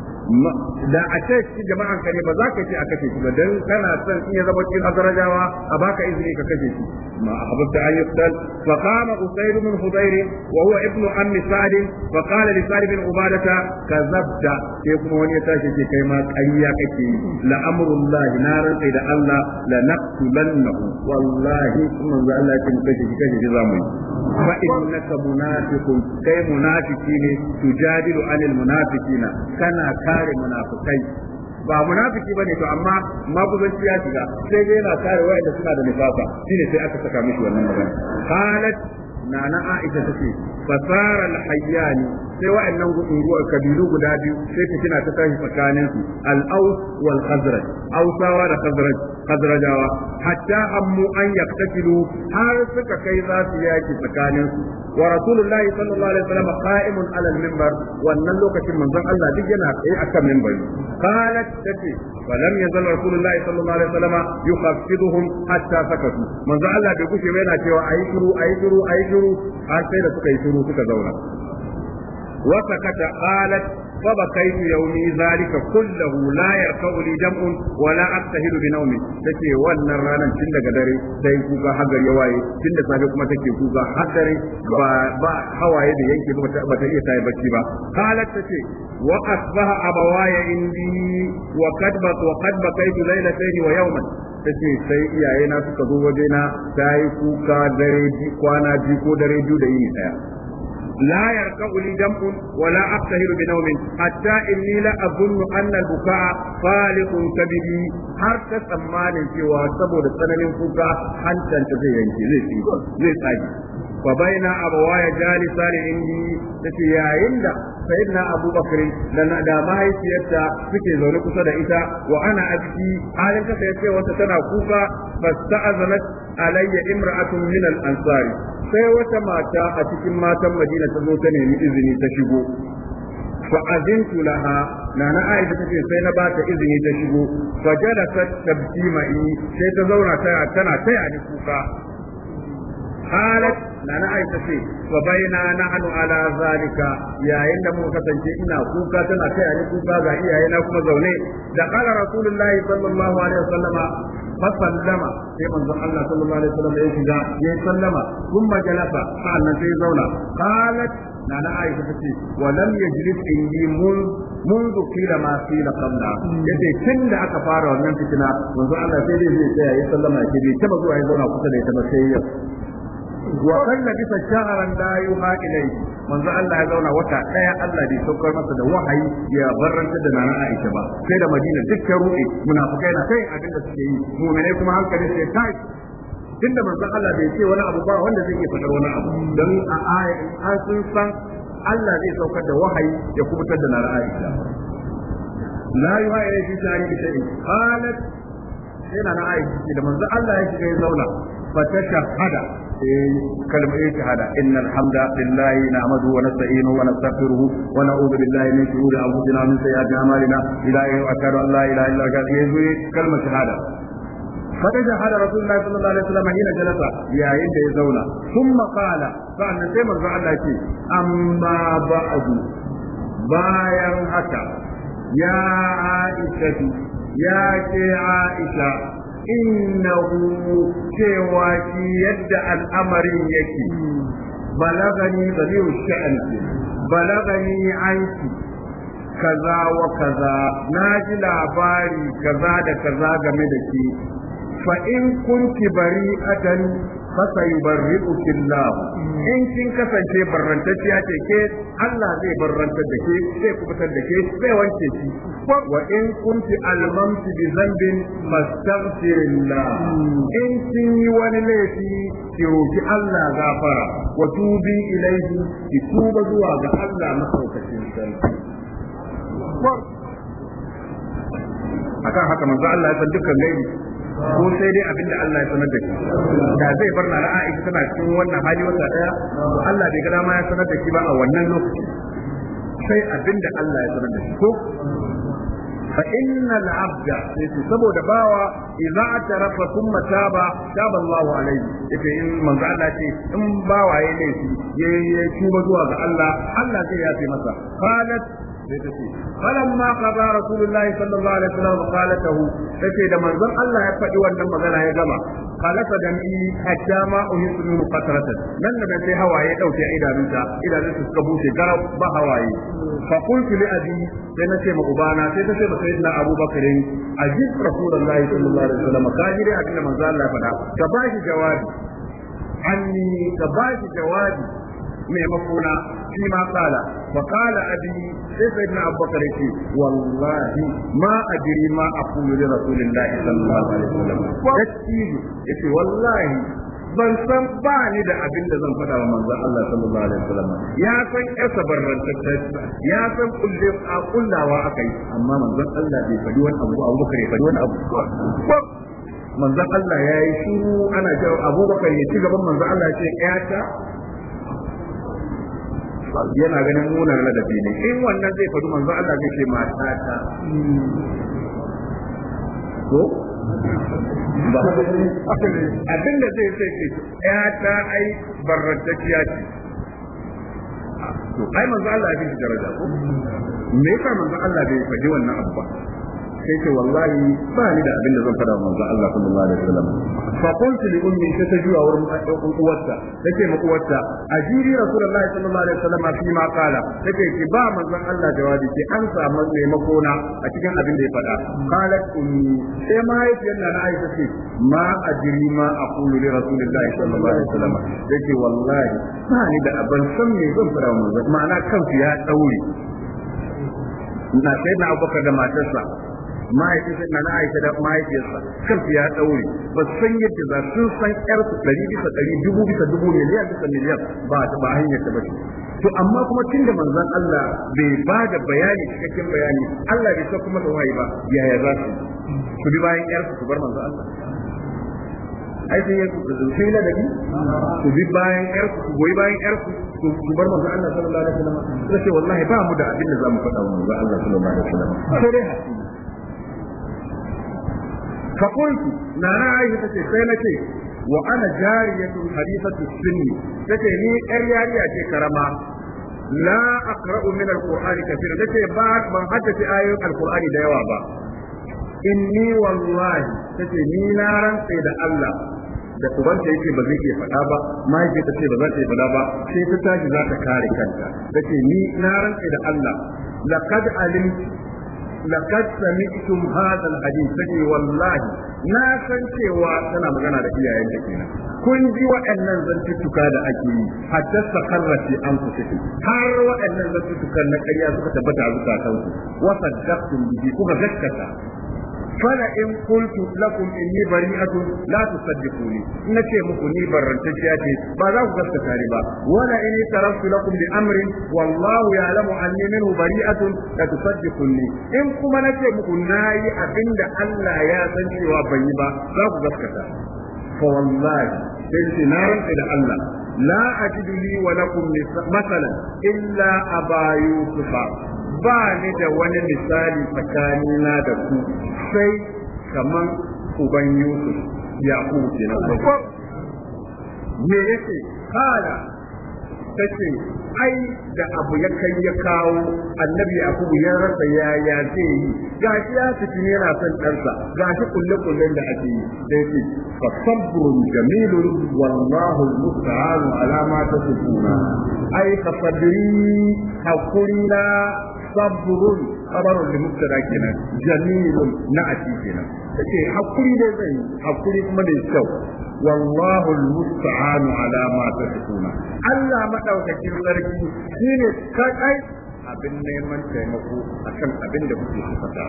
da a ce shi jama'an ka ba za ka ce a kashe shi ba Don kana son in ya zama cikin azrajawa a baka izini ka kashe shi ma ahabta an yuqtal fa qama usayd bin hudayr wa huwa Ibn ammi sa'd fa qala li sa'd bin ubadata kazabta sai kuma wani ya tashi ce kai ma ƙarya kake la amrullahi na rantsa da Allah la naqtulannahu wallahi kuma ga Allah ya kashe shi kashe shi zamu fa innaka munafiqun kai munafiki ne tujadilu anil munafiqina kana kare munafikai ba munafiki bane to amma maguzanci ya shiga sai dai yana kare wa'anda suna da shi shine sai aka saka mishi wannan magana na nana aisha take fasara al-hayyani sai wa'annan unguwar kabilu guda biyu sai ka kina ta tashi tsakanin su al-aus wal khazraj ausawa da khazraj khazrajawa hatta ammu an yaqtasilu har suka kai za su yaki tsakanin su wa rasulullahi sallallahu alaihi wasallam qa'imun ala al-minbar wannan lokacin manzon Allah duk yana tsaye akan minbari qalat tace falam yazal rasulullahi sallallahu alaihi wasallam yukhaffiduhum hatta sakatu manzon Allah bai gushe yana cewa ayi shiru ayi shiru ayi shiru har sai da suka yi shiru suka zauna وسكت قالت فبكيت يومي ذلك كله لا يركب لي دمع ولا أبتهل بنومي تكي وانا رانا تند قدري تكي كوكا حقر يواي تند سابق ما تكي كوكا حقر با هواي دي ينكي بتأيه تايبا با قالت تكي وأصبح أبواي عندي وقد بك وقد بكيت ليلتين ويوما تكي sai iyayena suka zo wajena ta yi kuka dare kwana biyu ko dare biyu da yini daya لا يركع لي wala ولا أقتهر بنوم حتى إني لا أظن أن البكاء خالق كبدي حركة tsammanin cewa saboda tsananin kuka hancan ta zai yanke zai zai tsage wa baina abawaya jalisa li indi tace yayin da sayyidina abubakar da mahaifiyarta suke zaune kusa da ita wa ana abki halin kasa yace wata tana kuka fasta'azanat alayya imra'atun min al-ansari sai wata mata a cikin matan Madina ta zo ta nemi izini ta shigo sai na نانا ta تكي سينا بات إذني mai فجلست sai ta zauna tana تنا تايا kuka. قالت نانا عائشة ce wa baina nahnu ala zalika yayin da muka kasance ina kuka tana kai ni kuka ga iyaye na kuma zaune da qala rasulullahi sallallahu alaihi wasallama fa sallama sai manzon Allah sallallahu alaihi wasallam ya shiga ya sallama kuma jalasa sa'annan sai zauna qalat nana Aisha tace wa lam yajlis indi mun منذ قيل ما قيل قبلها yace tun da aka fara wannan fitina manzo Allah sai dai zai tsaya ya sallama ya ce bai taba zuwa ya zauna kusa da ita ba sai yau wa kalla bisa sha'aran la yuha ilayhi manzo Allah ya zauna wata daya Allah bai saukar masa da wahayi ya barranta da nana Aisha ba sai da Madina dukkan ruɗe munafikai na kai abin da suke yi mu'mine kuma hankalin sai tashi tunda manzo Allah bai ce wani abu ba wanda zai iya faɗar wani abu dan a san Allah zai saukar da wahayi ya kubutar da nana Aisha la yuha ilayhi sha'aran bi shay'in qalat Yana na nan aiki ce da manzo Allah ya shiga ya zauna fa ta shahada sai eh, kalmar shahada innal hamda lillahi amadu wa nasta'inu wa nastaghfiruhu wa na'udhu billahi min shururi anfusina min sayyiati a'malina ila yawmi ashhadu an la ilaha illa anta yazi kalmar shahada فدج على رسول الله صلى الله عليه وسلم حين جلس يا عند يزونا ثم قال فأنا سيما الله يكي amma بعد بايا حكا ya عائشة ya ce Aisha innahu cewa shi yadda al'amarin yake balagani zaliyu sha'anki balagani anki kaza wa kaza na ji labari kaza da kaza game da ke fa in kunki bari bari'atan fasa yubarri'uki Allah in kin kasance barrantacciya ce ke Allah zai barrantar da ke zai kubutar da ke zai wanke ki wa in kunti almamti bi zambin fastaghfirillah in kin yi wani laifi ki roki Allah gafara wa tubi ilaihi ki tuba zuwa ga Allah masaukakin sarki akan haka manzo Allah ya san dukkan laifi. ko sai dai abin da Allah ya sanar da shi da zai bar na Aisha tana cikin wannan hali wata daya Allah bai ga dama ya sanar da shi ba a wannan lokaci sai abin da Allah ya sanar da shi ko fa innal abda yace saboda bawa idza atarafa thumma taba taba Allahu alayhi yace in manzo Allah ce in bawa yayi laifi yayi tuba zuwa ga Allah Allah zai yafe masa qalat sai ta ce falamma qada rasulullahi sallallahu alaihi wasallam qalatahu take da manzon Allah ya faɗi wannan magana ya gama qalata da ni hatta ma uhisu qatratan nan da sai hawaye dauke idanunta idanunta suka bushe garab ba hawaye fa qultu li abi sai na nace ma ubana sai tace ma sayyidina abubakar ajiz rasulullahi sallallahu alaihi wasallam kajire abin da manzon Allah ya faɗa ka bashi jawabi anni ka bashi jawabi maimakona shi ma kala fa kala abi sai sayyidina abubakar yake wallahi ma adiri ma a aqulu li rasulillahi sallallahu alaihi wasallam dattijo yace wallahi ban san ba ni da abin da zan faɗa wa manzon Allah sallallahu alaihi wa sallam ya san 'yasa barrantatta ya san kulle a kullawa akai amma manzon Allah bai faɗi wani abu Abu Bakar ya faɗi wani abu manzon Allah ya yi shiru ana jawo Abu Bakar ya ci gaban manzon Allah ya ce ƴata yana ganin munar ladabi ne in wannan zai faru manzo Allah zai ce mata ta ko abin da zai sai ce ya ta ai barrattakiya ce to ai manzo Allah ya ji daraja ko me yasa manzo Allah zai faɗi wannan abu ba sai ce wallahi ba ni da abin da zan fada manzo Allah sallallahu alaihi wasallam fa qultu li ummi ta wurin wa uwarta take ma uwarta ajiri rasulullahi sallallahu alaihi wasallam fi ma qala take ki ba manzo Allah jawabi ki an samu ne makona a cikin abin da ya fada malak ummi sai mahaifiyar na Aisha ce ma ajiri ma aqulu li rasulillahi sallallahu alaihi wasallam take wallahi ba ni da abin san me zan fada manzo ma'ana kansu ya daure na sai na abubakar da matarsa mahaifin sai na aisha da mahaifiyarsa kansu ya ɗaure ba san yadda za su san yar su ɗari bisa ɗari dubu bisa dubu miliyan bisa miliyan ba ta ba hanyar ta bace to amma kuma tun da manzan Allah bai ba da bayani cikakken bayani Allah bai sa kuma da wahayi ba yaya za su su bi bayan yar su bar manzon Allah ai sai ya sai na dabi su bi bayan yar su goyi bayan yar su su bar manzo Allah sallallahu alaihi wasallam sai wallahi ba mu da abin da zamu faɗa wa manzo Allah sallallahu alaihi wasallam sai dai فقلت لا نانا عائشة سينتي وأنا جارية حديثة السن ني تتني أرياريا كرما لا أقرأ من القرآن كثيرا تتي بعد من حدث آية القرآن ديوابا إني والله تتني نارا سيد الله da ubanta yake ba zai iya faɗa ba mahaifinta ce ba za ta yi faɗa ba sai ta tashi za ta kare kanta da ce ni na rantsa da Allah laqad alim laqad sami'tum hadha alhadith sai wallahi na san cewa tana magana da iyayen ta kenan kun ji waɗannan zantuttuka da ake yi hatta an fi anfusikum har waɗannan zantuttukan na ƙarya suka tabbata a zukatanku wa saddaqtum bihi kuka gaskata Fada in qultu lakum inni bari'atu la tusaddiquni in ce muku ni barrantacciya ce ba za ku gaskata ni ba wala in taraftu lakum bi amrin wallahu ya'lamu anni minhu bari'atun la tusaddiquni in kuma nace muku nayi abinda Allah ya san cewa ban yi ba za ku gaskata sai na da Allah لا أجد لي ولكم مثلا إلا أبا يوسف ba ni da wani misali tsakani na da ku sai kamar uban Yusuf ya ku ya me yake kala ce ai da abu ya kai ya kawo annabi Yakubu ya rasa yaya zai yi shi ya fiti yana son ɗansa shi kulle kullen da ake yi da yake fa sabrun jamilun wallahu musta'anu ta ma tasifuna ai fa sabri na. sabrun khabarun li mubtada kenan jamilun na ati kenan take hakuri ne zai hakuri kuma da kyau wallahu almusta'anu ala ma tasifuna Allah madaukakin sarki shine kai abin neman taimako akan abin da kuke fata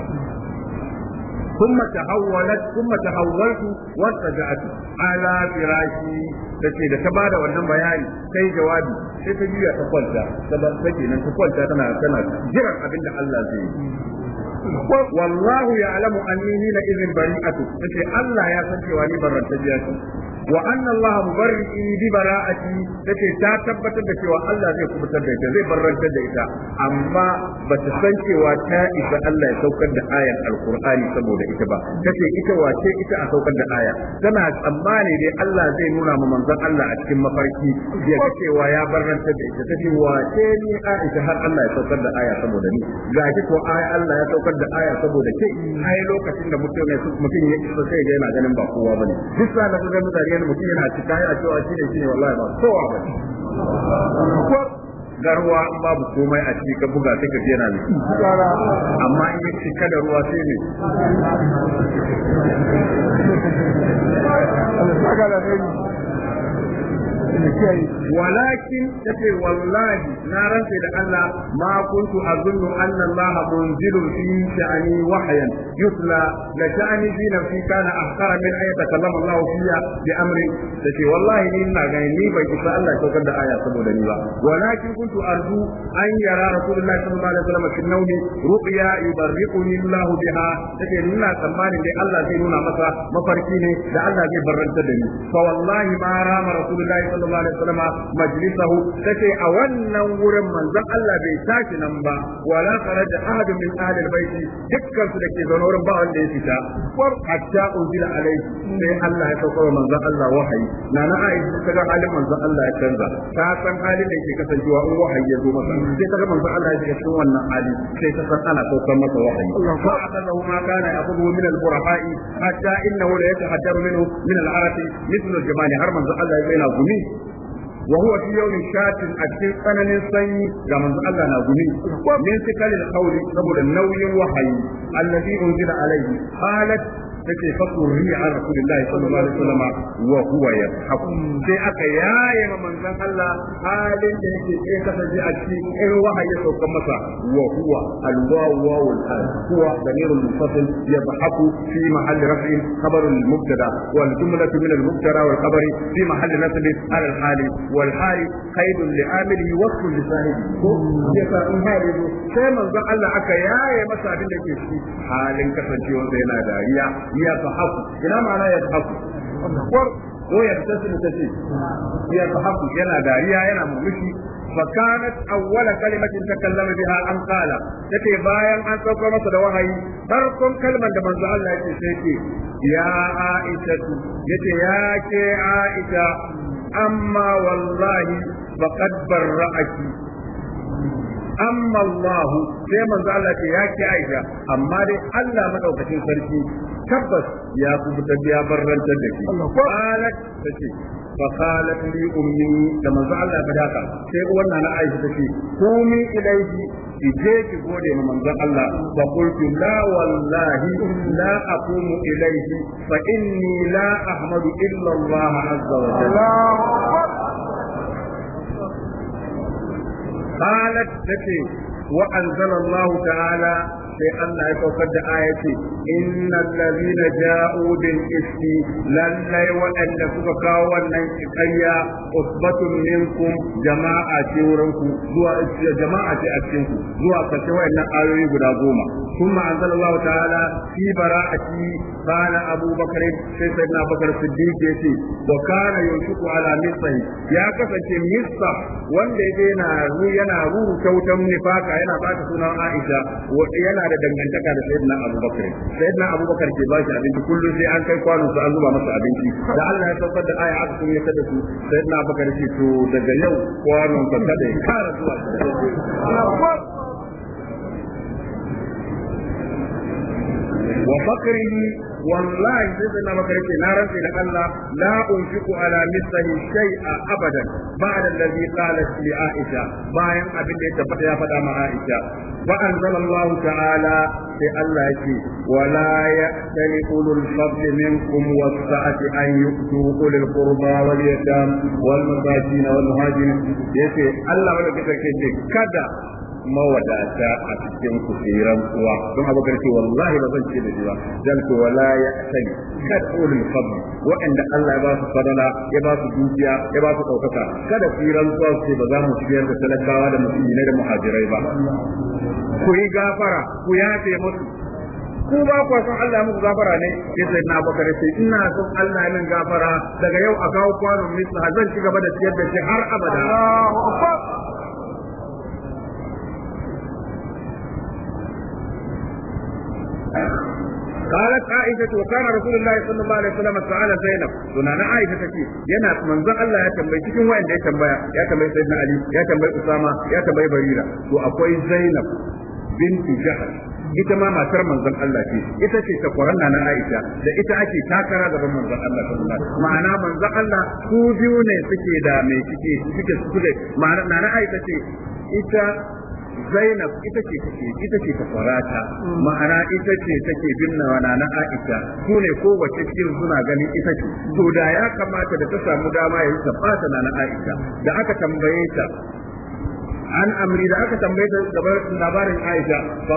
ثم تحولت ثم تحولت وارتجعت على فراشي tace da ta bada wannan bayani sai jawabi sai ta juya ta kwanta ta ba nan ta kwanta tana tana jiran abin da Allah zai yi wallahu ya'lamu anni hina idhin bari'atu tace Allah ya sanke wa ni barranta jiya wa anna Allah mubarri bi bara'ati take ta tabbatar da cewa Allah zai kubutar da ita zai barrantar da ita amma ba ta san cewa ta isa Allah ya saukar da ayar alqur'ani saboda ita ba take ita wace ita a saukar da aya tana tsammani dai Allah zai nuna ma manzon Allah a cikin mafarki ya ga cewa ya barrantar da ita take wace ni Aisha har Allah ya saukar da aya saboda ni gashi ko aya Allah ya saukar da aya saboda ke ai lokacin da mutum ya mutum ya isa sai ga yana ganin ba kowa bane duk sa da mutane yana mutum yana cika a cewa shi ne shi ne wallahi ba kowa ba ga ruwa in babu komai a ciki ka buga sai ka yana yana amma in yi cika da ruwa sai ne Allah walakin tace wallahi na rantsa da Allah ma kuntu azunnu anna Allah munzilun fi sha'ani wahyan yutla la sha'ani fi nafsi kana ahqara min ayati takallama Allah fiha bi amri tace wallahi ni ina gani ni bai kisa Allah saukar da aya saboda ni ba walakin kuntu arju an yara rasulullahi sallallahu alaihi wasallam fi nawmi ru'ya yubarriquni Allah biha tace ni ina tsammanin dai Allah zai nuna masa mafarki ne da Allah zai barranta da ni fa wallahi ma rama rasulullahi sallallahu alaihi wasallam majlisahu tace a wannan wurin manzon Allah bai tashi nan ba wala kharaja ahad min ahli albayt dukkan su dake zaune wurin ba wanda ya fita war hatta unzila alaihi sai Allah ya sauko manzon Allah wahayi nana Aisha ta ga halin manzon Allah ya canza ta san halin da yake kasancewa in wahayi ya zo masa sai ta ga manzon Allah ya shiga cikin wannan hali sai ta san ana saukar masa wahayi fa akazahu ma kana min burhai hatta innahu la yatahaddaru minhu min mithlu har manzon Allah ya yana gumi wa huwa fi shatin a cikin tsananin sanyi ga manzo Allah na gumi min sikalil qawli saboda nauyin wahayi allazi unzila alayhi halat take fakurri a rasulullahi sallallahu alaihi wasallam wa huwa yadhaku sai aka yaye ma manzon Allah halin da yake sai kasance a cikin in wahayi ya sauka masa wa huwa alwawu wawul hal huwa damirul munfasil yadhaku fi mahall raf'i khabar al-mubtada wal jumlatu min al-mubtada wal khabar fi mahall nasb ala al-hal wal hal qaidun li amilihi wa kulli sahibi ko yasa in hali sai manzon Allah aka yaye masa abin da ke ci halin kasancewa yana dariya يضحك ina ma'ana يضحك ko ya fita su ya tahaku yana dariya yana murmushi fakanat awwala kalimatin takallama biha an qala take bayan an sauko masa da wahayi farkon kalman da manzo Allah yake sai ya aisha yace ya ke aisha amma wallahi faqad barra'aki amma Allah sai manzo Allah ce ya ki Aisha amma dai Allah madaukakin sarki tabbas ya kubutar ya barrantar da shi qalat tace fa qalat li ummi da manzo Allah ya fada sai uwan na Aisha tace kumi ilaihi ki je ki gode ma manzon Allah fa qultu la wallahi la aqumu ilaihi fa inni la ahmadu illa Allah azza wa jalla قالت تكي وأنزل الله تعالى sai Allah ya saukar da ayati innal ladina ja'u bil ifki lallai waɗanda suka kawo wannan ƙarya usbatun minkum jama'a ce wurin ku zuwa jama'a ce a cikin ku zuwa kace wayannan ayoyi guda goma kuma anzalallahu ta'ala fi bara'ati kana Abu Bakar sai sayyidina Bakar Siddiq yace wa kana yushku ala misai ya kasance misa wanda yake yana ru yana ruru kyautan nifaka yana bata sunan Aisha yana yana da dangantaka da sayyidina abubakar sayyidina abubakar ke ba shi abinci kullum sai an kai kwano su an zuba masa abinci da Allah ya saukar da aya aka kuma yadda su sayyidina abubakar ce to daga yau kwano sa kada ya kara zuwa wa bakrihi wallahi sai sai na baka yake na rantsa da Allah la unfiqu ala misli shay'a abadan ba'da alladhi qalat li Aisha bayan abin da ya tabbata ya faɗa ma Aisha wa anzalallahu ta'ala sai Allah yake wala ya'tali ulul fadli minkum was an yu'tu ulul qurba wal yatam wal masakin wal muhajirin yace Allah wanda kake ce kada mawadata a cikin ku kuwa don abubakar ce wallahi ba zan ce da jiwa zan ce wala ya sani kada ulul fadl wa'anda Allah ya ba su fadala ya ba su dukiya ya ba su daukaka kada su yi rantsuwa su ce ba za mu shigar da talakawa da musulmai da muhajirai ba ku yi gafara ku yafe musu ku ba ku san Allah muku gafara ne ya sai na bakare sai ina son Allah min gafara daga yau a kawo kwanon misla zan ci gaba da ciyar da shi har abada قالت عائشة وكان رسول الله صلى الله عليه وسلم سأل زينب سنانا عائشة تكي ينا من ذا الله يا تنبي تكين وين يا تنبي يا سيدنا علي يا تنبي أسامة يا تنبي بريرة وأقوي زينب بنت جهل ita ma matar manzon Allah ce ita ce ta kwaranna na Aisha da ita ake takara gaban manzon Allah sallallahu alaihi ma'ana manzon Allah ku biyu ne suke da mai suke suke suke ma'ana na Aisha ce ita Zainab ita ce take ita ce ta farata ma'ana ita ce take binna wa nana Aisha su ne ko wace cikin suna ganin ita ce to da ya kamata da ta samu dama ya yi ta fata nana Aisha da aka tambaye ta an amri da aka tambaye ta labarin Aisha fa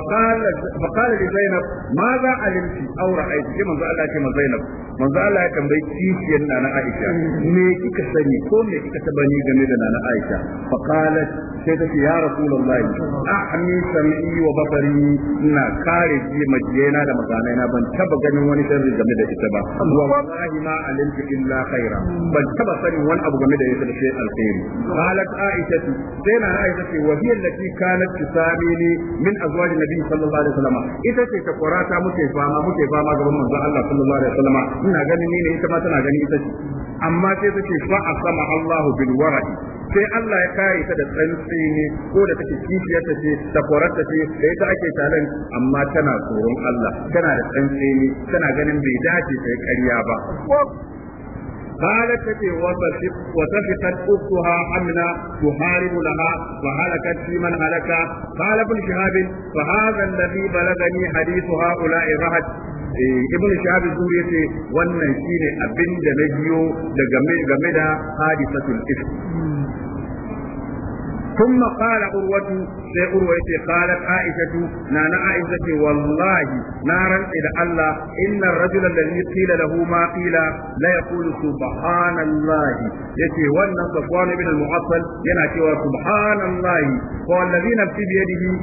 qala li Zainab ma za alimti aw ra'aiti sai manzo Allah ce ma Zainab manzo Allah ya tambayi kishiyar nana Aisha me kika sani ko me kika ta bani game da nana Aisha fa qalat sai ta ce ya Rasulullahi ahmi sam'i wa basari ina kare ji majiyana da maganai na ban taba ganin wani sharri game da ita ba wallahi ma alimti illa ban taba wani abu game da ita da sai alkhairi Aisha sai Aisha ce wa hiya allati kanat ne min azwaji nabi sallallahu alaihi wasallam ita ce ta kwarata muke fama muke fama gaban manzon Allah sallallahu alaihi wasallam ina ganin ni ne ita ma tana ganin ita ce amma sai ta ce fa asama Allahu bil wara'i sai Allah ya kare ta da tsantsi ne ko da take kishiyar ta ce ta kwarata ce da ita ake talan amma tana tsoron Allah tana da tsantsi ne tana ganin bai dace ta yi ƙarya ba قالت تتي وتفقت اختها حملا تحارب لها فهلكت في من هلك قال ابن شهاب فهذا الذي بلغني حديث هؤلاء رهد ابن شهاب الزوري في wannan shine ابن da na biyo da الاسم ثم قال عروة سي عروة قالت عائشة نانا عائشة والله نارا إلى الله إن الرجل الذي قيل له ما قيل لا يقول سبحان الله يتي وانا صفوان بن المعطل ينأتي سبحان الله والذي نفسي بيده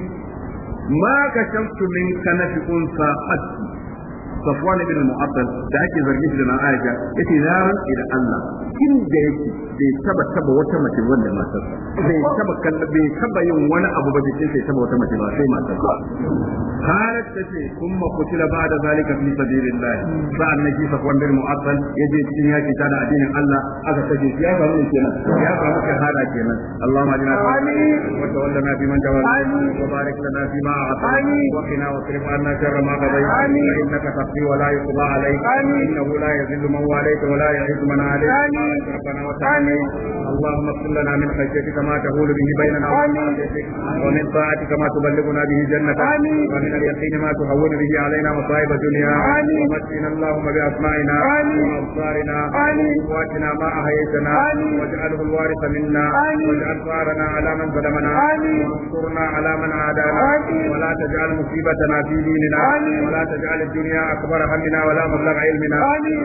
ما كشفت من كنف أنثى حتى safwan ibn mu'abbal da ake zargin shi da nan aisha yace na Allah kin da yake bai taba taba wata mace wanda matar bai taba kalla bai taba yin wani abu ba jikin sai taba wata mace ba sai matar halat tace kuma kutila ba'da zalika fi sabilillah sa'an nake safwan ibn mu'abbal yaje cikin yaki ta da addinin Allah aka kace ya samu kenan ya samu shahada kenan Allahumma ajina wa tawallana fi man wa barik lana fi ma a'tani wa qina wa anna sharra ma qadayta innaka تعصي ولا يقضى عليك إنه لا يذل من واليت ولا يعز من عليك ربنا وتعالى اللهم اغفر لنا من خشيتك ما تهول به بيننا ومن طاعتك ما تبلغنا به جنتك ومن اليقين ما تهون به علينا مصائب الدنيا ومتنا اللهم بأسمائنا وأبصارنا وقواتنا ما أحييتنا واجعله الوارث منا واجعل ثارنا على من ظلمنا وانصرنا على من عادانا ولا تجعل مصيبتنا في ديننا ولا تجعل الدنيا أكبر أكبر همنا ولا مبلغ علمنا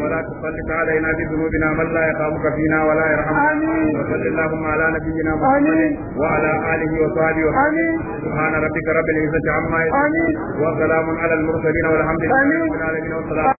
ولا تسلط علينا بذنوبنا من لا يخافك فينا ولا يرحمنا وصل اللهم على نبينا محمد وعلى آله وصحبه وسلم سبحان ربك رب العزة عما يصفون وسلام على المرسلين والحمد لله رب العالمين والصلاه